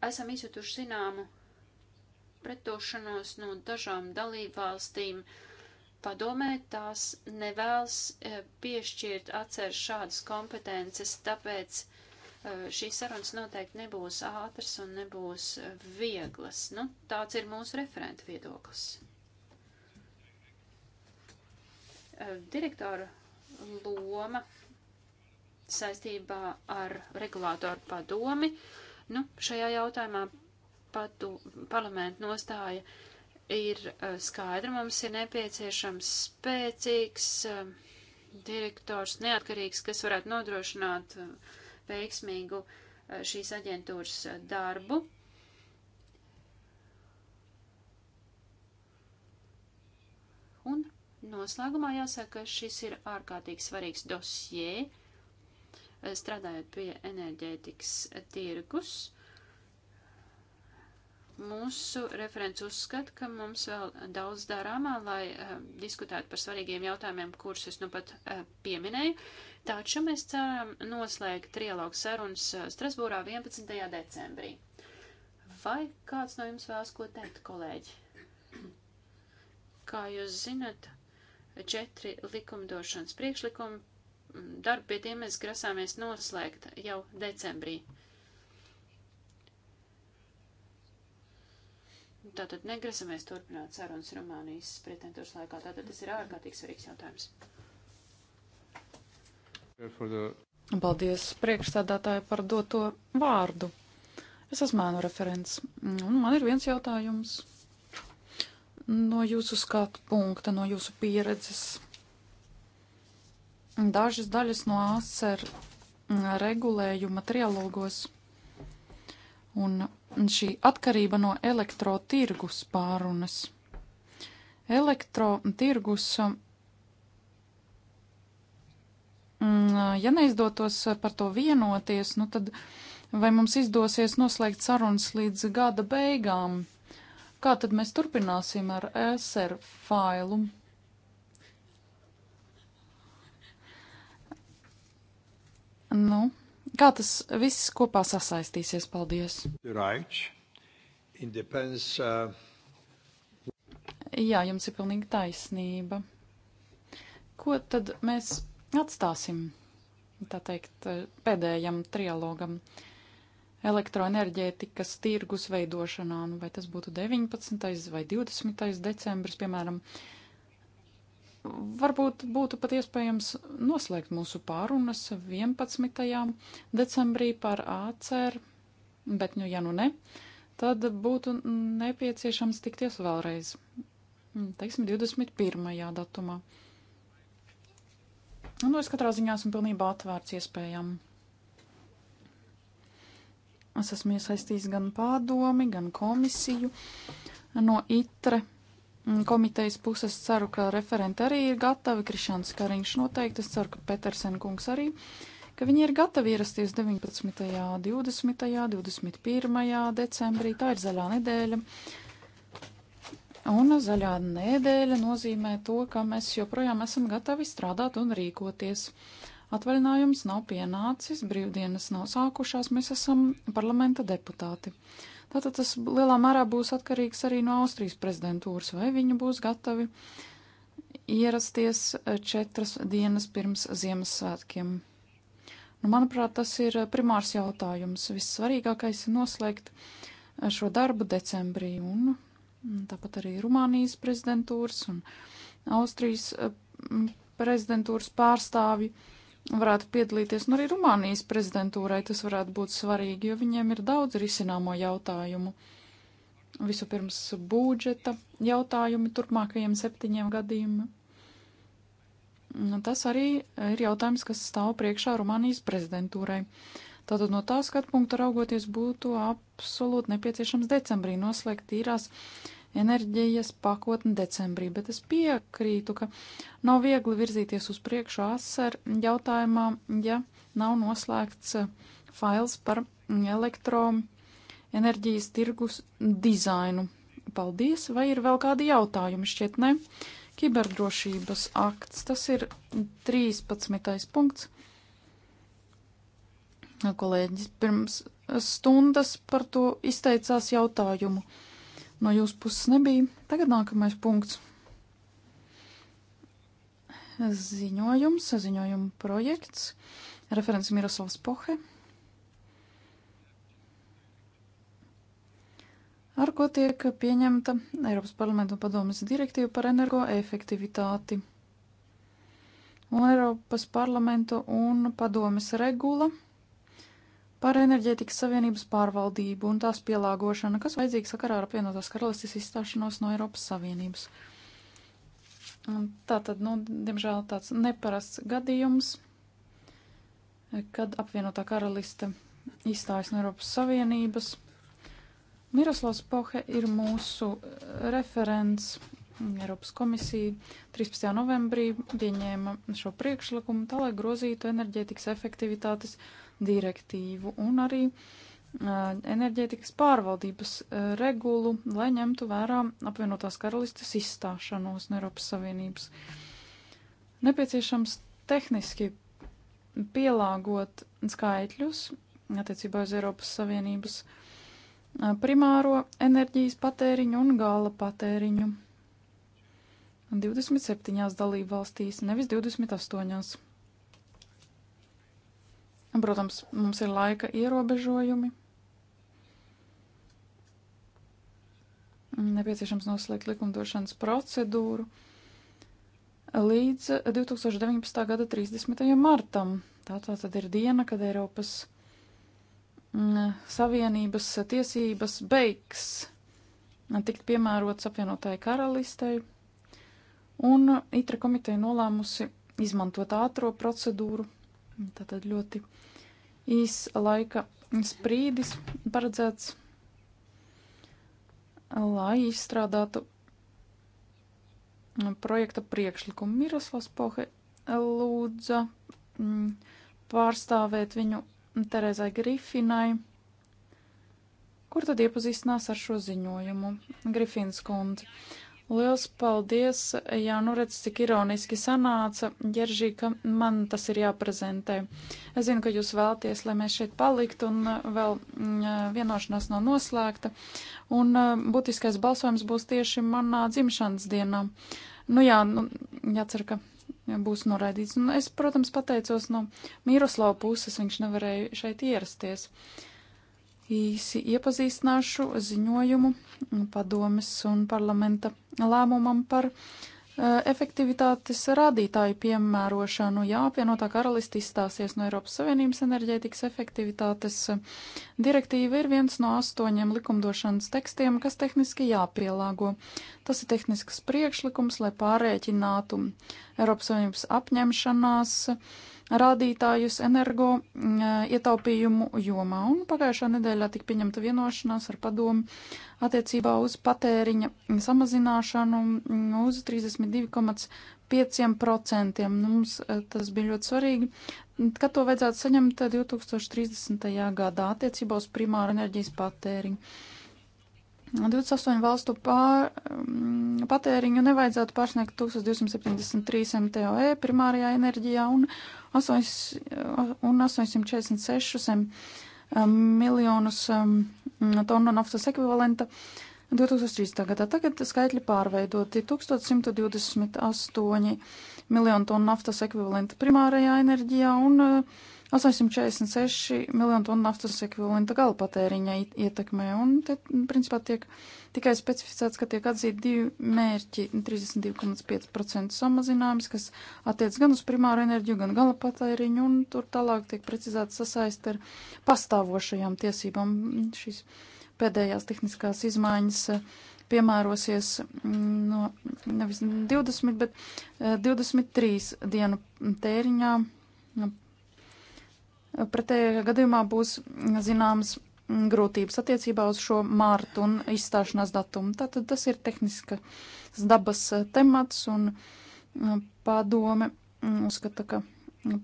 esam izjutuši zināmu pretošanos no dažām dalībvalstīm. Padomē tās nevēlas e, piešķirt atcer šādas kompetences, tāpēc e, šīs sarunas noteikti nebūs ātras un nebūs e, vieglas. Nu, tāds ir mūsu referenta viedoklis. Direktora loma saistībā ar regulātoru padomi. Nu, šajā jautājumā patu, parlamentu nostāja ir uh, skaidra. Mums ir nepieciešams spēcīgs uh, direktors, neatkarīgs, kas varētu nodrošināt uh, veiksmīgu šīs aģentūras darbu. Un noslēgumā jāsaka, ka šis ir ārkārtīgi svarīgs dosie, strādājot pie enerģētikas tirgus. Uh, Mūsu referents uzskata, ka mums vēl daudz darāmā, lai uh, diskutētu par svarīgiem jautājumiem, kurus es nu pat uh, pieminēju, taču mēs ceram noslēgt trialogu sarunas eh, Strasbūrā 11. decembrī. Vai kāds no jums vēlas ko teikt, kolēģi? Kā jūs zinat, četri likumdošanas priekšlikumi, mm, darbu pie tiem mēs grasāmies noslēgt jau decembrī. Tātad negrasamies turpināt sarunas Rumānijas pretendūras laikā. Tātad tas ir ārkārtīgi svarīgs jautājums. Paldies priekšstādātāji par doto vārdu. Es esmu ēnu referents. Un man ir viens jautājums no jūsu skatu punkta, no jūsu pieredzes. Dažas daļas no ASER regulējuma trialogos un šī atkarība no elektrotirgus pārunas. Elektrotirgus, mm, ja neizdotos par to vienoties, nu tad vai mums izdosies noslēgt sarunas līdz gada beigām? Kā tad mēs turpināsim ar SR failu? Nu, Kā tas viss kopā sasaistīsies? Paldies! Right. Depends, uh... Jā, jums ir pilnīgi taisnība. Ko tad mēs atstāsim, tā teikt, pēdējam trialogam? elektroenerģētikas tirgus veidošanā, nu, vai tas būtu 19. vai 20. decembris, piemēram, uh, varbūt būtu pat iespējams noslēgt mūsu pārunas 11. decembrī par ACR, bet nu, ja nu ne, tad būtu nepieciešams tikties vēlreiz, teiksim, 21. datumā. Nu, es katrā ziņā esmu pilnībā atvērts iespējām. Es esmu iesaistījis gan pārdomi, gan komisiju no ITRE Mm, komitejas puses ceru, ka referenti arī ir gatavi, Krišāns Kariņš noteikti, es ceru, ka Petersen kungs arī, ka viņi ir gatavi ierasties 19., 20., 21. decembrī, tā ir zaļā nedēļa. Un zaļā nedēļa nozīmē to, ka mēs joprojām esam gatavi strādāt un rīkoties. Atvaļinājums nav pienācis, brīvdienas nav sākušās, mēs esam parlamenta deputāti. Uh, Tātad tas lielā mērā būs atkarīgs arī no Austrijas prezidentūras, vai viņi būs gatavi ierasties eh, četras dienas pirms Ziemassvētkiem. Nu, manuprāt, tas ir primārs jautājums. Vissvarīgākais ir noslēgt eh, šo darbu decembrī, un mm, tāpat arī Rumānijas prezidentūras un Austrijas eh, prezidentūras pārstāvji varētu piedalīties nu, arī Rumānijas prezidentūrai. Tas varētu būt svarīgi, jo viņiem ir daudz risināmo jautājumu. Vispirms budžeta jautājumi turpmākajiem septiņiem gadiem. Nu, tas arī ir jautājums, kas stāv priekšā Rumānijas prezidentūrai. Tātad no tā skatu punkta raugoties būtu absolūti nepieciešams decembrī noslēgt tīrās uh, enerģijas pakotni decembrī, bet es piekrītu, ka nav viegli virzīties uz priekšu ASER jautājumā, ja nav noslēgts eh, fails par elektroenerģijas tirgus dizainu. Paldies, vai ir vēl kādi jautājumi? Šķiet, ne. Kiberdrošības akts, tas ir 13. punkts. Kolēģis pirms stundas par to izteicās jautājumu. Uh, no jūsu puses nebija. Tagad nākamais punkts. Ziņojums, ziņojuma projekts. Referents Miroslavs Pohe. ar ko tiek pieņemta Eiropas parlamenta padomas direktīva par energoefektivitāti. Un Eiropas parlamenta un padomas regula par enerģētikas savienības pārvaldību un tās pielāgošanu, kas vajadzīga sakarā ar apvienotās karalistes izstāšanos no Eiropas Savienības. Un tā tad, nu, diemžēl tāds neparasts gadījums, kad apvienotā karaliste izstājas no Eiropas Savienības. Miroslavs Pohe ir mūsu referents Eiropas komisija 13. novembrī pieņēma šo priekšlikumu tā, lai grozītu enerģētikas efektivitātes direktīvu un arī enerģētikas pārvaldības regulu, lai ņemtu vērā apvienotās karalistes izstāšanos no Eiropas Savienības. Nepieciešams tehniski pielāgot skaitļus attiecībā uz Eiropas Savienības primāro enerģijas patēriņu un gala patēriņu. 27 dalību valstīs, nevis 28. Protams, mums ir laika ierobežojumi. Nepieciešams noslēgt likumdošanas procedūru līdz 2019. gada 30. martam. Tā tā tad ir diena, kad Eiropas mm, Savienības tiesības beigs tikt piemērots apvienotāji karalistei, un ITRA komiteja nolēmusi izmantot ātro procedūru Tātad ļoti īs laika sprīdis paredzēts, lai izstrādātu projekta priekšlikumu. Miroslavs Pohe lūdza mm, pārstāvēt viņu Terezai Grifinai. Kur tad iepazīstinās ar šo ziņojumu? Grifins kundze. Liels paldies! Jā, nu redz, cik ironiski sanāca, Jeržī, ka man tas ir jāprezentē. Es zinu, ka jūs vēlties, lai mēs šeit paliktu un uh, vēl mm, uh, vienošanās nav noslēgta. Un uh, būtiskais balsojums būs tieši manā dzimšanas dienā. Nu jā, nu, jācer, ka būs noraidīts. Nu, es, protams, pateicos no Mīroslava puses, viņš nevarēja šeit ierasties. Uh, īsi iepazīstināšu ziņojumu padomis un parlamenta lēmumam par e, efektivitātes rādītāju piemērošanu, ja apvienotā karalista izstāsies no Eiropas Savienības enerģētikas efektivitātes. Direktīva ir viens no astoņiem likumdošanas tekstiem, kas tehniski jāpielāgo. Tas ir tehnisks priekšlikums, lai pārēķinātu Eiropas Savienības apņemšanās uh, rādītājus energo mm, eh, ietaupījumu jomā, un pagājušā nedēļā tika pieņemta vienošanās ar padomu attiecībā uz patēriņa samazināšanu mm, uz 32,5%. Nu, mums eh, tas bija ļoti svarīgi, ka to vajadzētu saņemt 2030. gadā attiecībā uz primāru enerģijas patēriņu. 28 valstu pār, patēriņu nevajadzētu pārsniegt 1273 MTOE primārajā enerģijā un, 8, un 846 mm, miljonus mm, tonu naftas ekvivalenta 2030. gadā. Tagad skaitļi pārveidoti 1128 miljonu tonu naftas ekvivalenta primārajā enerģijā un 846 miljonu tonu naftas ekvivalenta gala patēriņa ietekmē, un te principā tiek tikai specificēts, ka tiek atzīti divi mērķi - 32,5% samazinājums, kas attiec gan uz primāru enerģiju, gan gala patēriņu, un tur tālāk tiek precizēts sasaist ar pastāvošajām tiesībām. Šīs pēdējās tehniskās izmaiņas piemērosies no nevis 20, bet 23 dienu tēriņā Pretējā gadījumā būs zināms grūtības attiecībā uz šo mārtu un izstāšanās datumu. Tātad tas ir tehniskas dabas temats un uh, padome mm, uzskata, ka mm,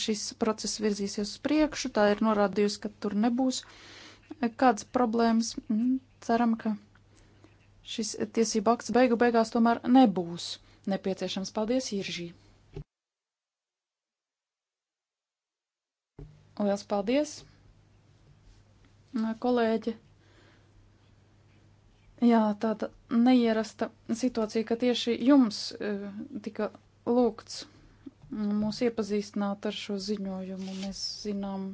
šis process virzīsies uz priekšu. Tā ir norādījusi, ka tur nebūs kādas problēmas. Mm, ceram, ka šis tiesību akts beigu beigās tomēr nebūs nepieciešams. Paldies, Iržī! Lielas paldies, kolēģi! Jā, tāda neierasta situācija, ka tieši jums e, tika lūgts mūs iepazīstināt ar šo ziņojumu. Mēs zinām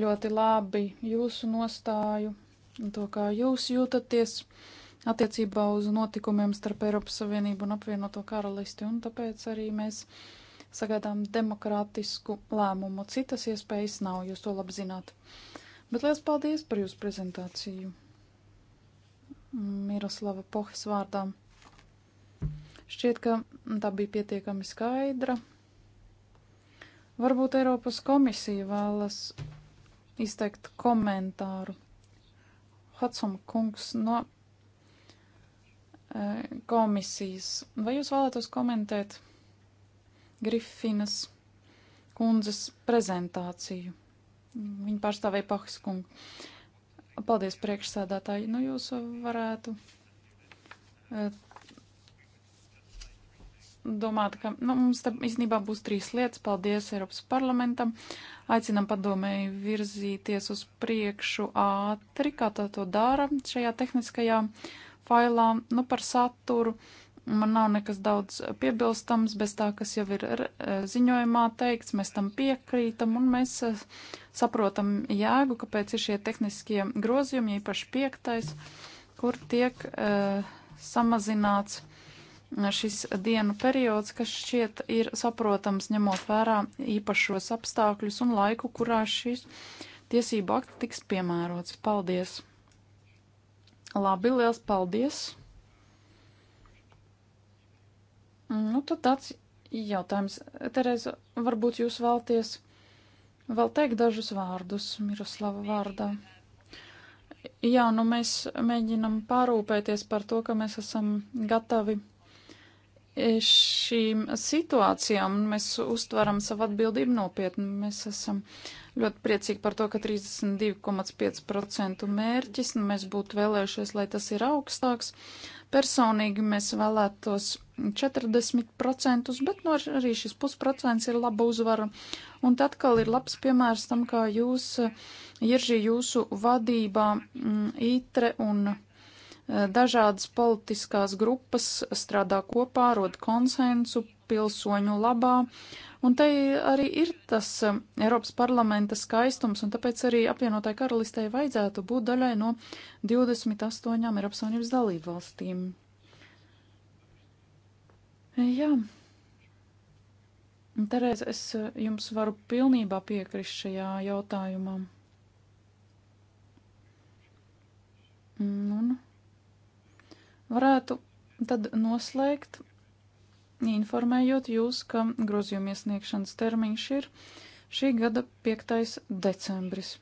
ļoti labi jūsu nostāju un to, kā jūs jūtaties attiecībā uz notikumiem starp Eiropas Savienību un apvienoto karalisti, un tāpēc arī mēs sagaidām demokrātisku lēmumu. Citas iespējas nav, jūs to labi zināt. Bet liels paldies par jūsu prezentāciju. Miroslava Pohas vārdā. Šķiet, ka tā bija pietiekami skaidra. Varbūt Eiropas komisija vēlas izteikt komentāru. Hatsoma kungs no e, komisijas. Vai jūs vēlētos komentēt? Grifinas kundzes prezentāciju. Viņa pārstāvēja Pahas kungu. Paldies priekšsēdētāji. Nu, jūs varētu e, domāt, ka nu, mums te īstenībā būs trīs lietas. Paldies Eiropas parlamentam. Aicinam padomēji virzīties uz priekšu ātri, kā tā to dara šajā tehniskajā failā. Nu, par saturu Man nav nekas daudz piebilstams bez tā, kas jau ir e, ziņojumā teikts, mēs tam piekrītam un mēs e, saprotam jēgu, kāpēc ir šie tehniskie grozījumi, īpaši piektais, kur tiek uh, samazināts šis dienu periods, kas šķiet ir saprotams, ņemot vērā īpašos apstākļus un laiku, kurā šis tiesību akts tiks piemērots. Paldies! Labi, liels paldies! Nu, tad tāds jautājums. Tereza, varbūt jūs vēlties vēl teikt dažus vārdus Miroslava vārdā? Jā, nu mēs mēģinam pārūpēties par to, ka mēs esam gatavi šīm situācijām. Mēs uztveram savu atbildību nopietni. Mēs esam ļoti priecīgi par to, ka 32,5% mērķis, nu mēs būtu vēlējušies, lai tas ir augstāks. Personīgi mēs vēlētos 40%, bet nu, arī šis pusprocents ir laba uzvara. Un tad atkal ir labs piemērs tam, kā jūs, Iržī, jūsu vadībā mm, ITRE un e, dažādas politiskās grupas strādā kopā, rod konsensu pilsoņu labā. Un te tai arī ir tas e, Eiropas parlamenta skaistums, un tāpēc arī apvienotai karalistei vajadzētu būt daļai no 28 Eiropas Savienības dalību valstīm. Jā. Terēz, es eh, jums varu pilnībā piekrist šajā jautājumā. Un nu, nu. varētu tad noslēgt, informējot jūs, ka grozījuma iesniegšanas termiņš ir šī gada 5. decembris.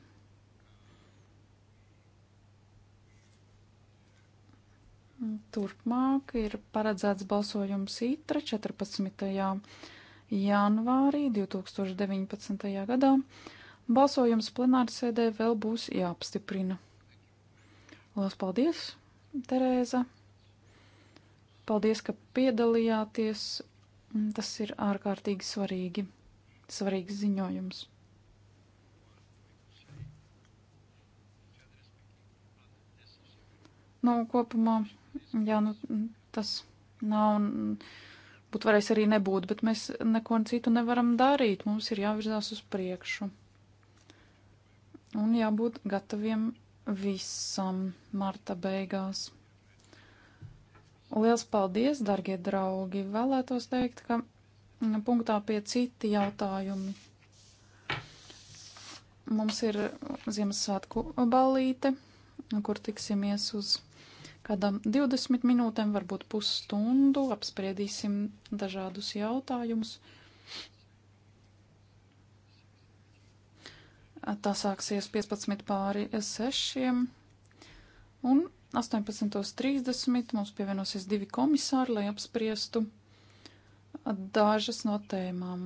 Turpmāk ir paredzēts balsojums ITRA 14. janvārī 2019. gadā. Balsojums plenārsēdē vēl būs jāapstiprina. Lielas paldies, Terēza! Paldies, ka piedalījāties! Tas ir ārkārtīgi svarīgi, svarīgs ziņojums. Nu, kopumā Jā, nu, tas nav. Būt varēs arī nebūt, bet mēs neko citu nevaram darīt. Mums ir jāvirzās uz priekšu. Un jābūt gataviem visam marta beigās. Liels paldies, darbie draugi! Vēlētos teikt, ka mm, punktā pie citi jautājumi. Mums ir Ziemassvētku balīte, kur tiksimies uz kādam 20 minūtēm, varbūt pusstundu, apspriedīsim dažādus jautājumus. Tā sāksies 15 pāri 6. Un 18.30 mums pievienosies divi komisāri, lai apspriestu dažas no tēmām.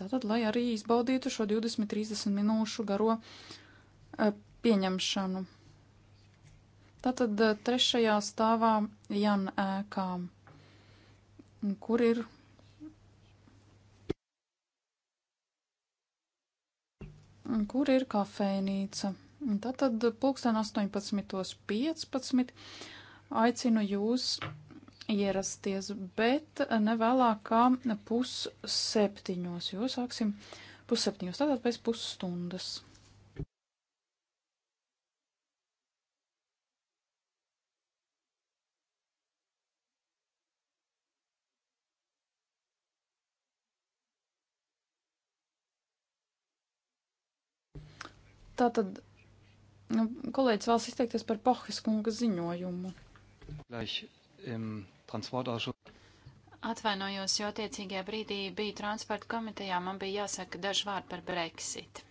Tātad, lai arī izbaudītu šo 20-30 minūšu garo eh, pieņemšanu. Tātad eh, trešajā stāvā Jan ēkā, kur ir. Kur ir kafejnīca? Tātad pulksten 18.15 aicinu jūs ierasties, bet ne vēlāk kā pusseptiņos, jo sāksim pusseptiņos, tātad pēc pusstundas. Tātad nu, kolēģis vēlas izteikties par Pohas kunga ziņojumu. Atvainojos, jo attiecīgajā brīdī bija transporta komitejā, man bija jāsaka daži vārdi par Brexit.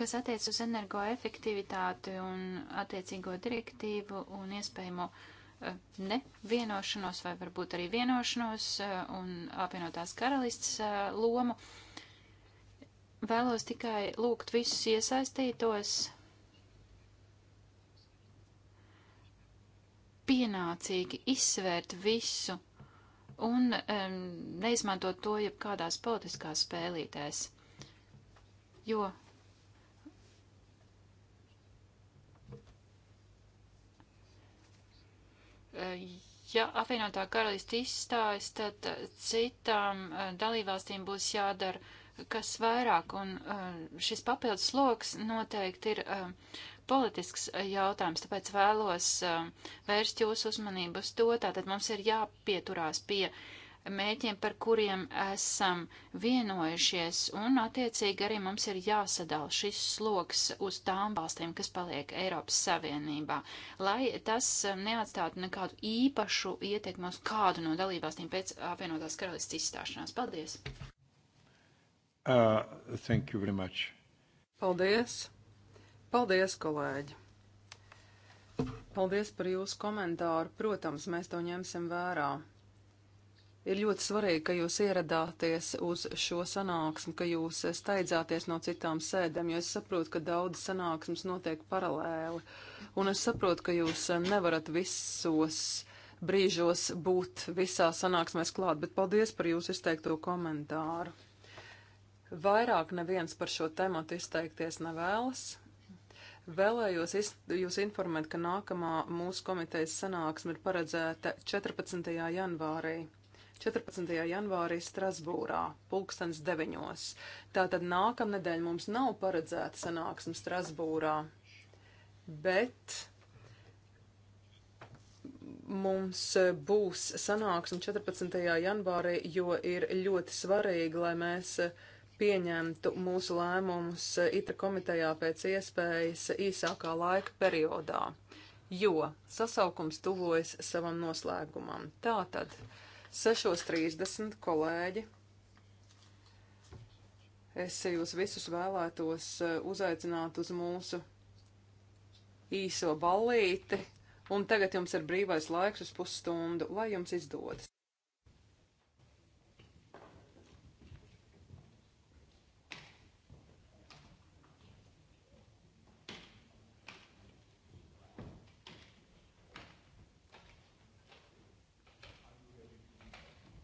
Kas attiec uz energoefektivitāti un attiecīgo direktīvu un iespējamo eh, ne vienošanos vai varbūt arī vienošanos eh, un apvienotās karalistas eh, lomu. Uh, Vēlos tikai lūgt visus iesaistītos pienācīgi izsvērt visu un um, neizmantot to jau kādās politiskās spēlītēs, jo ja apvienotā karalista izstājas, tad citām eh, dalībvalstīm būs jādara kas vairāk, un uh, šis papildus sloks noteikti ir uh, politisks uh, jautājums, tāpēc vēlos vērst jūsu uzmanību uz to, tātad mums ir jāpieturās pie mēķiem, par kuriem esam vienojušies, un attiecīgi arī mums ir jāsadala šis sloks uz tām valstīm, kas paliek Eiropas Savienībā, lai tas neatstātu nekādu īpašu ietekmu uz kādu no dalībvalstīm pēc apvienotās karalists izstāšanās. Paldies! Uh, thank you very much. Paldies. Paldies, kolēģi. Paldies par jūsu komentāru. Protams, mēs to ņemsim vērā. Ir ļoti svarīgi, ka jūs ieradāties uz šo sanāksmi, ka jūs steidzāties no citām sēdēm, jo es saprotu, ka daudz sanāksmes notiek paralēli. Un es saprotu, ka jūs nevarat visos brīžos būt visā sanāksmēs klāt, bet paldies par jūsu izteikto komentāru. Vairāk neviens par šo tematu izteikties nevēlas. Vēlējos iz, jūs informēt, ka nākamā mūsu komitejas sanāksme ir paredzēta 14. janvārī. 14. janvārī Strasbūrā, pulkstens 9. Tātad nākamnedēļ mums nav paredzēta sanāksme Strasbūrā, bet mums būs sanāksme 14. janvārī, jo ir ļoti svarīgi, lai mēs uh, pieņemtu mūsu lēmumus eh, ITRA komitejā pēc iespējas īsākā laika periodā, jo sasaukums tuvojas savam noslēgumam. Tātad 6.30 kolēģi. Es jūs visus vēlētos eh, uzaicināt uz mūsu īso ballīti, un tagad jums ir brīvais laiks uz pusstundu, lai jums izdodas.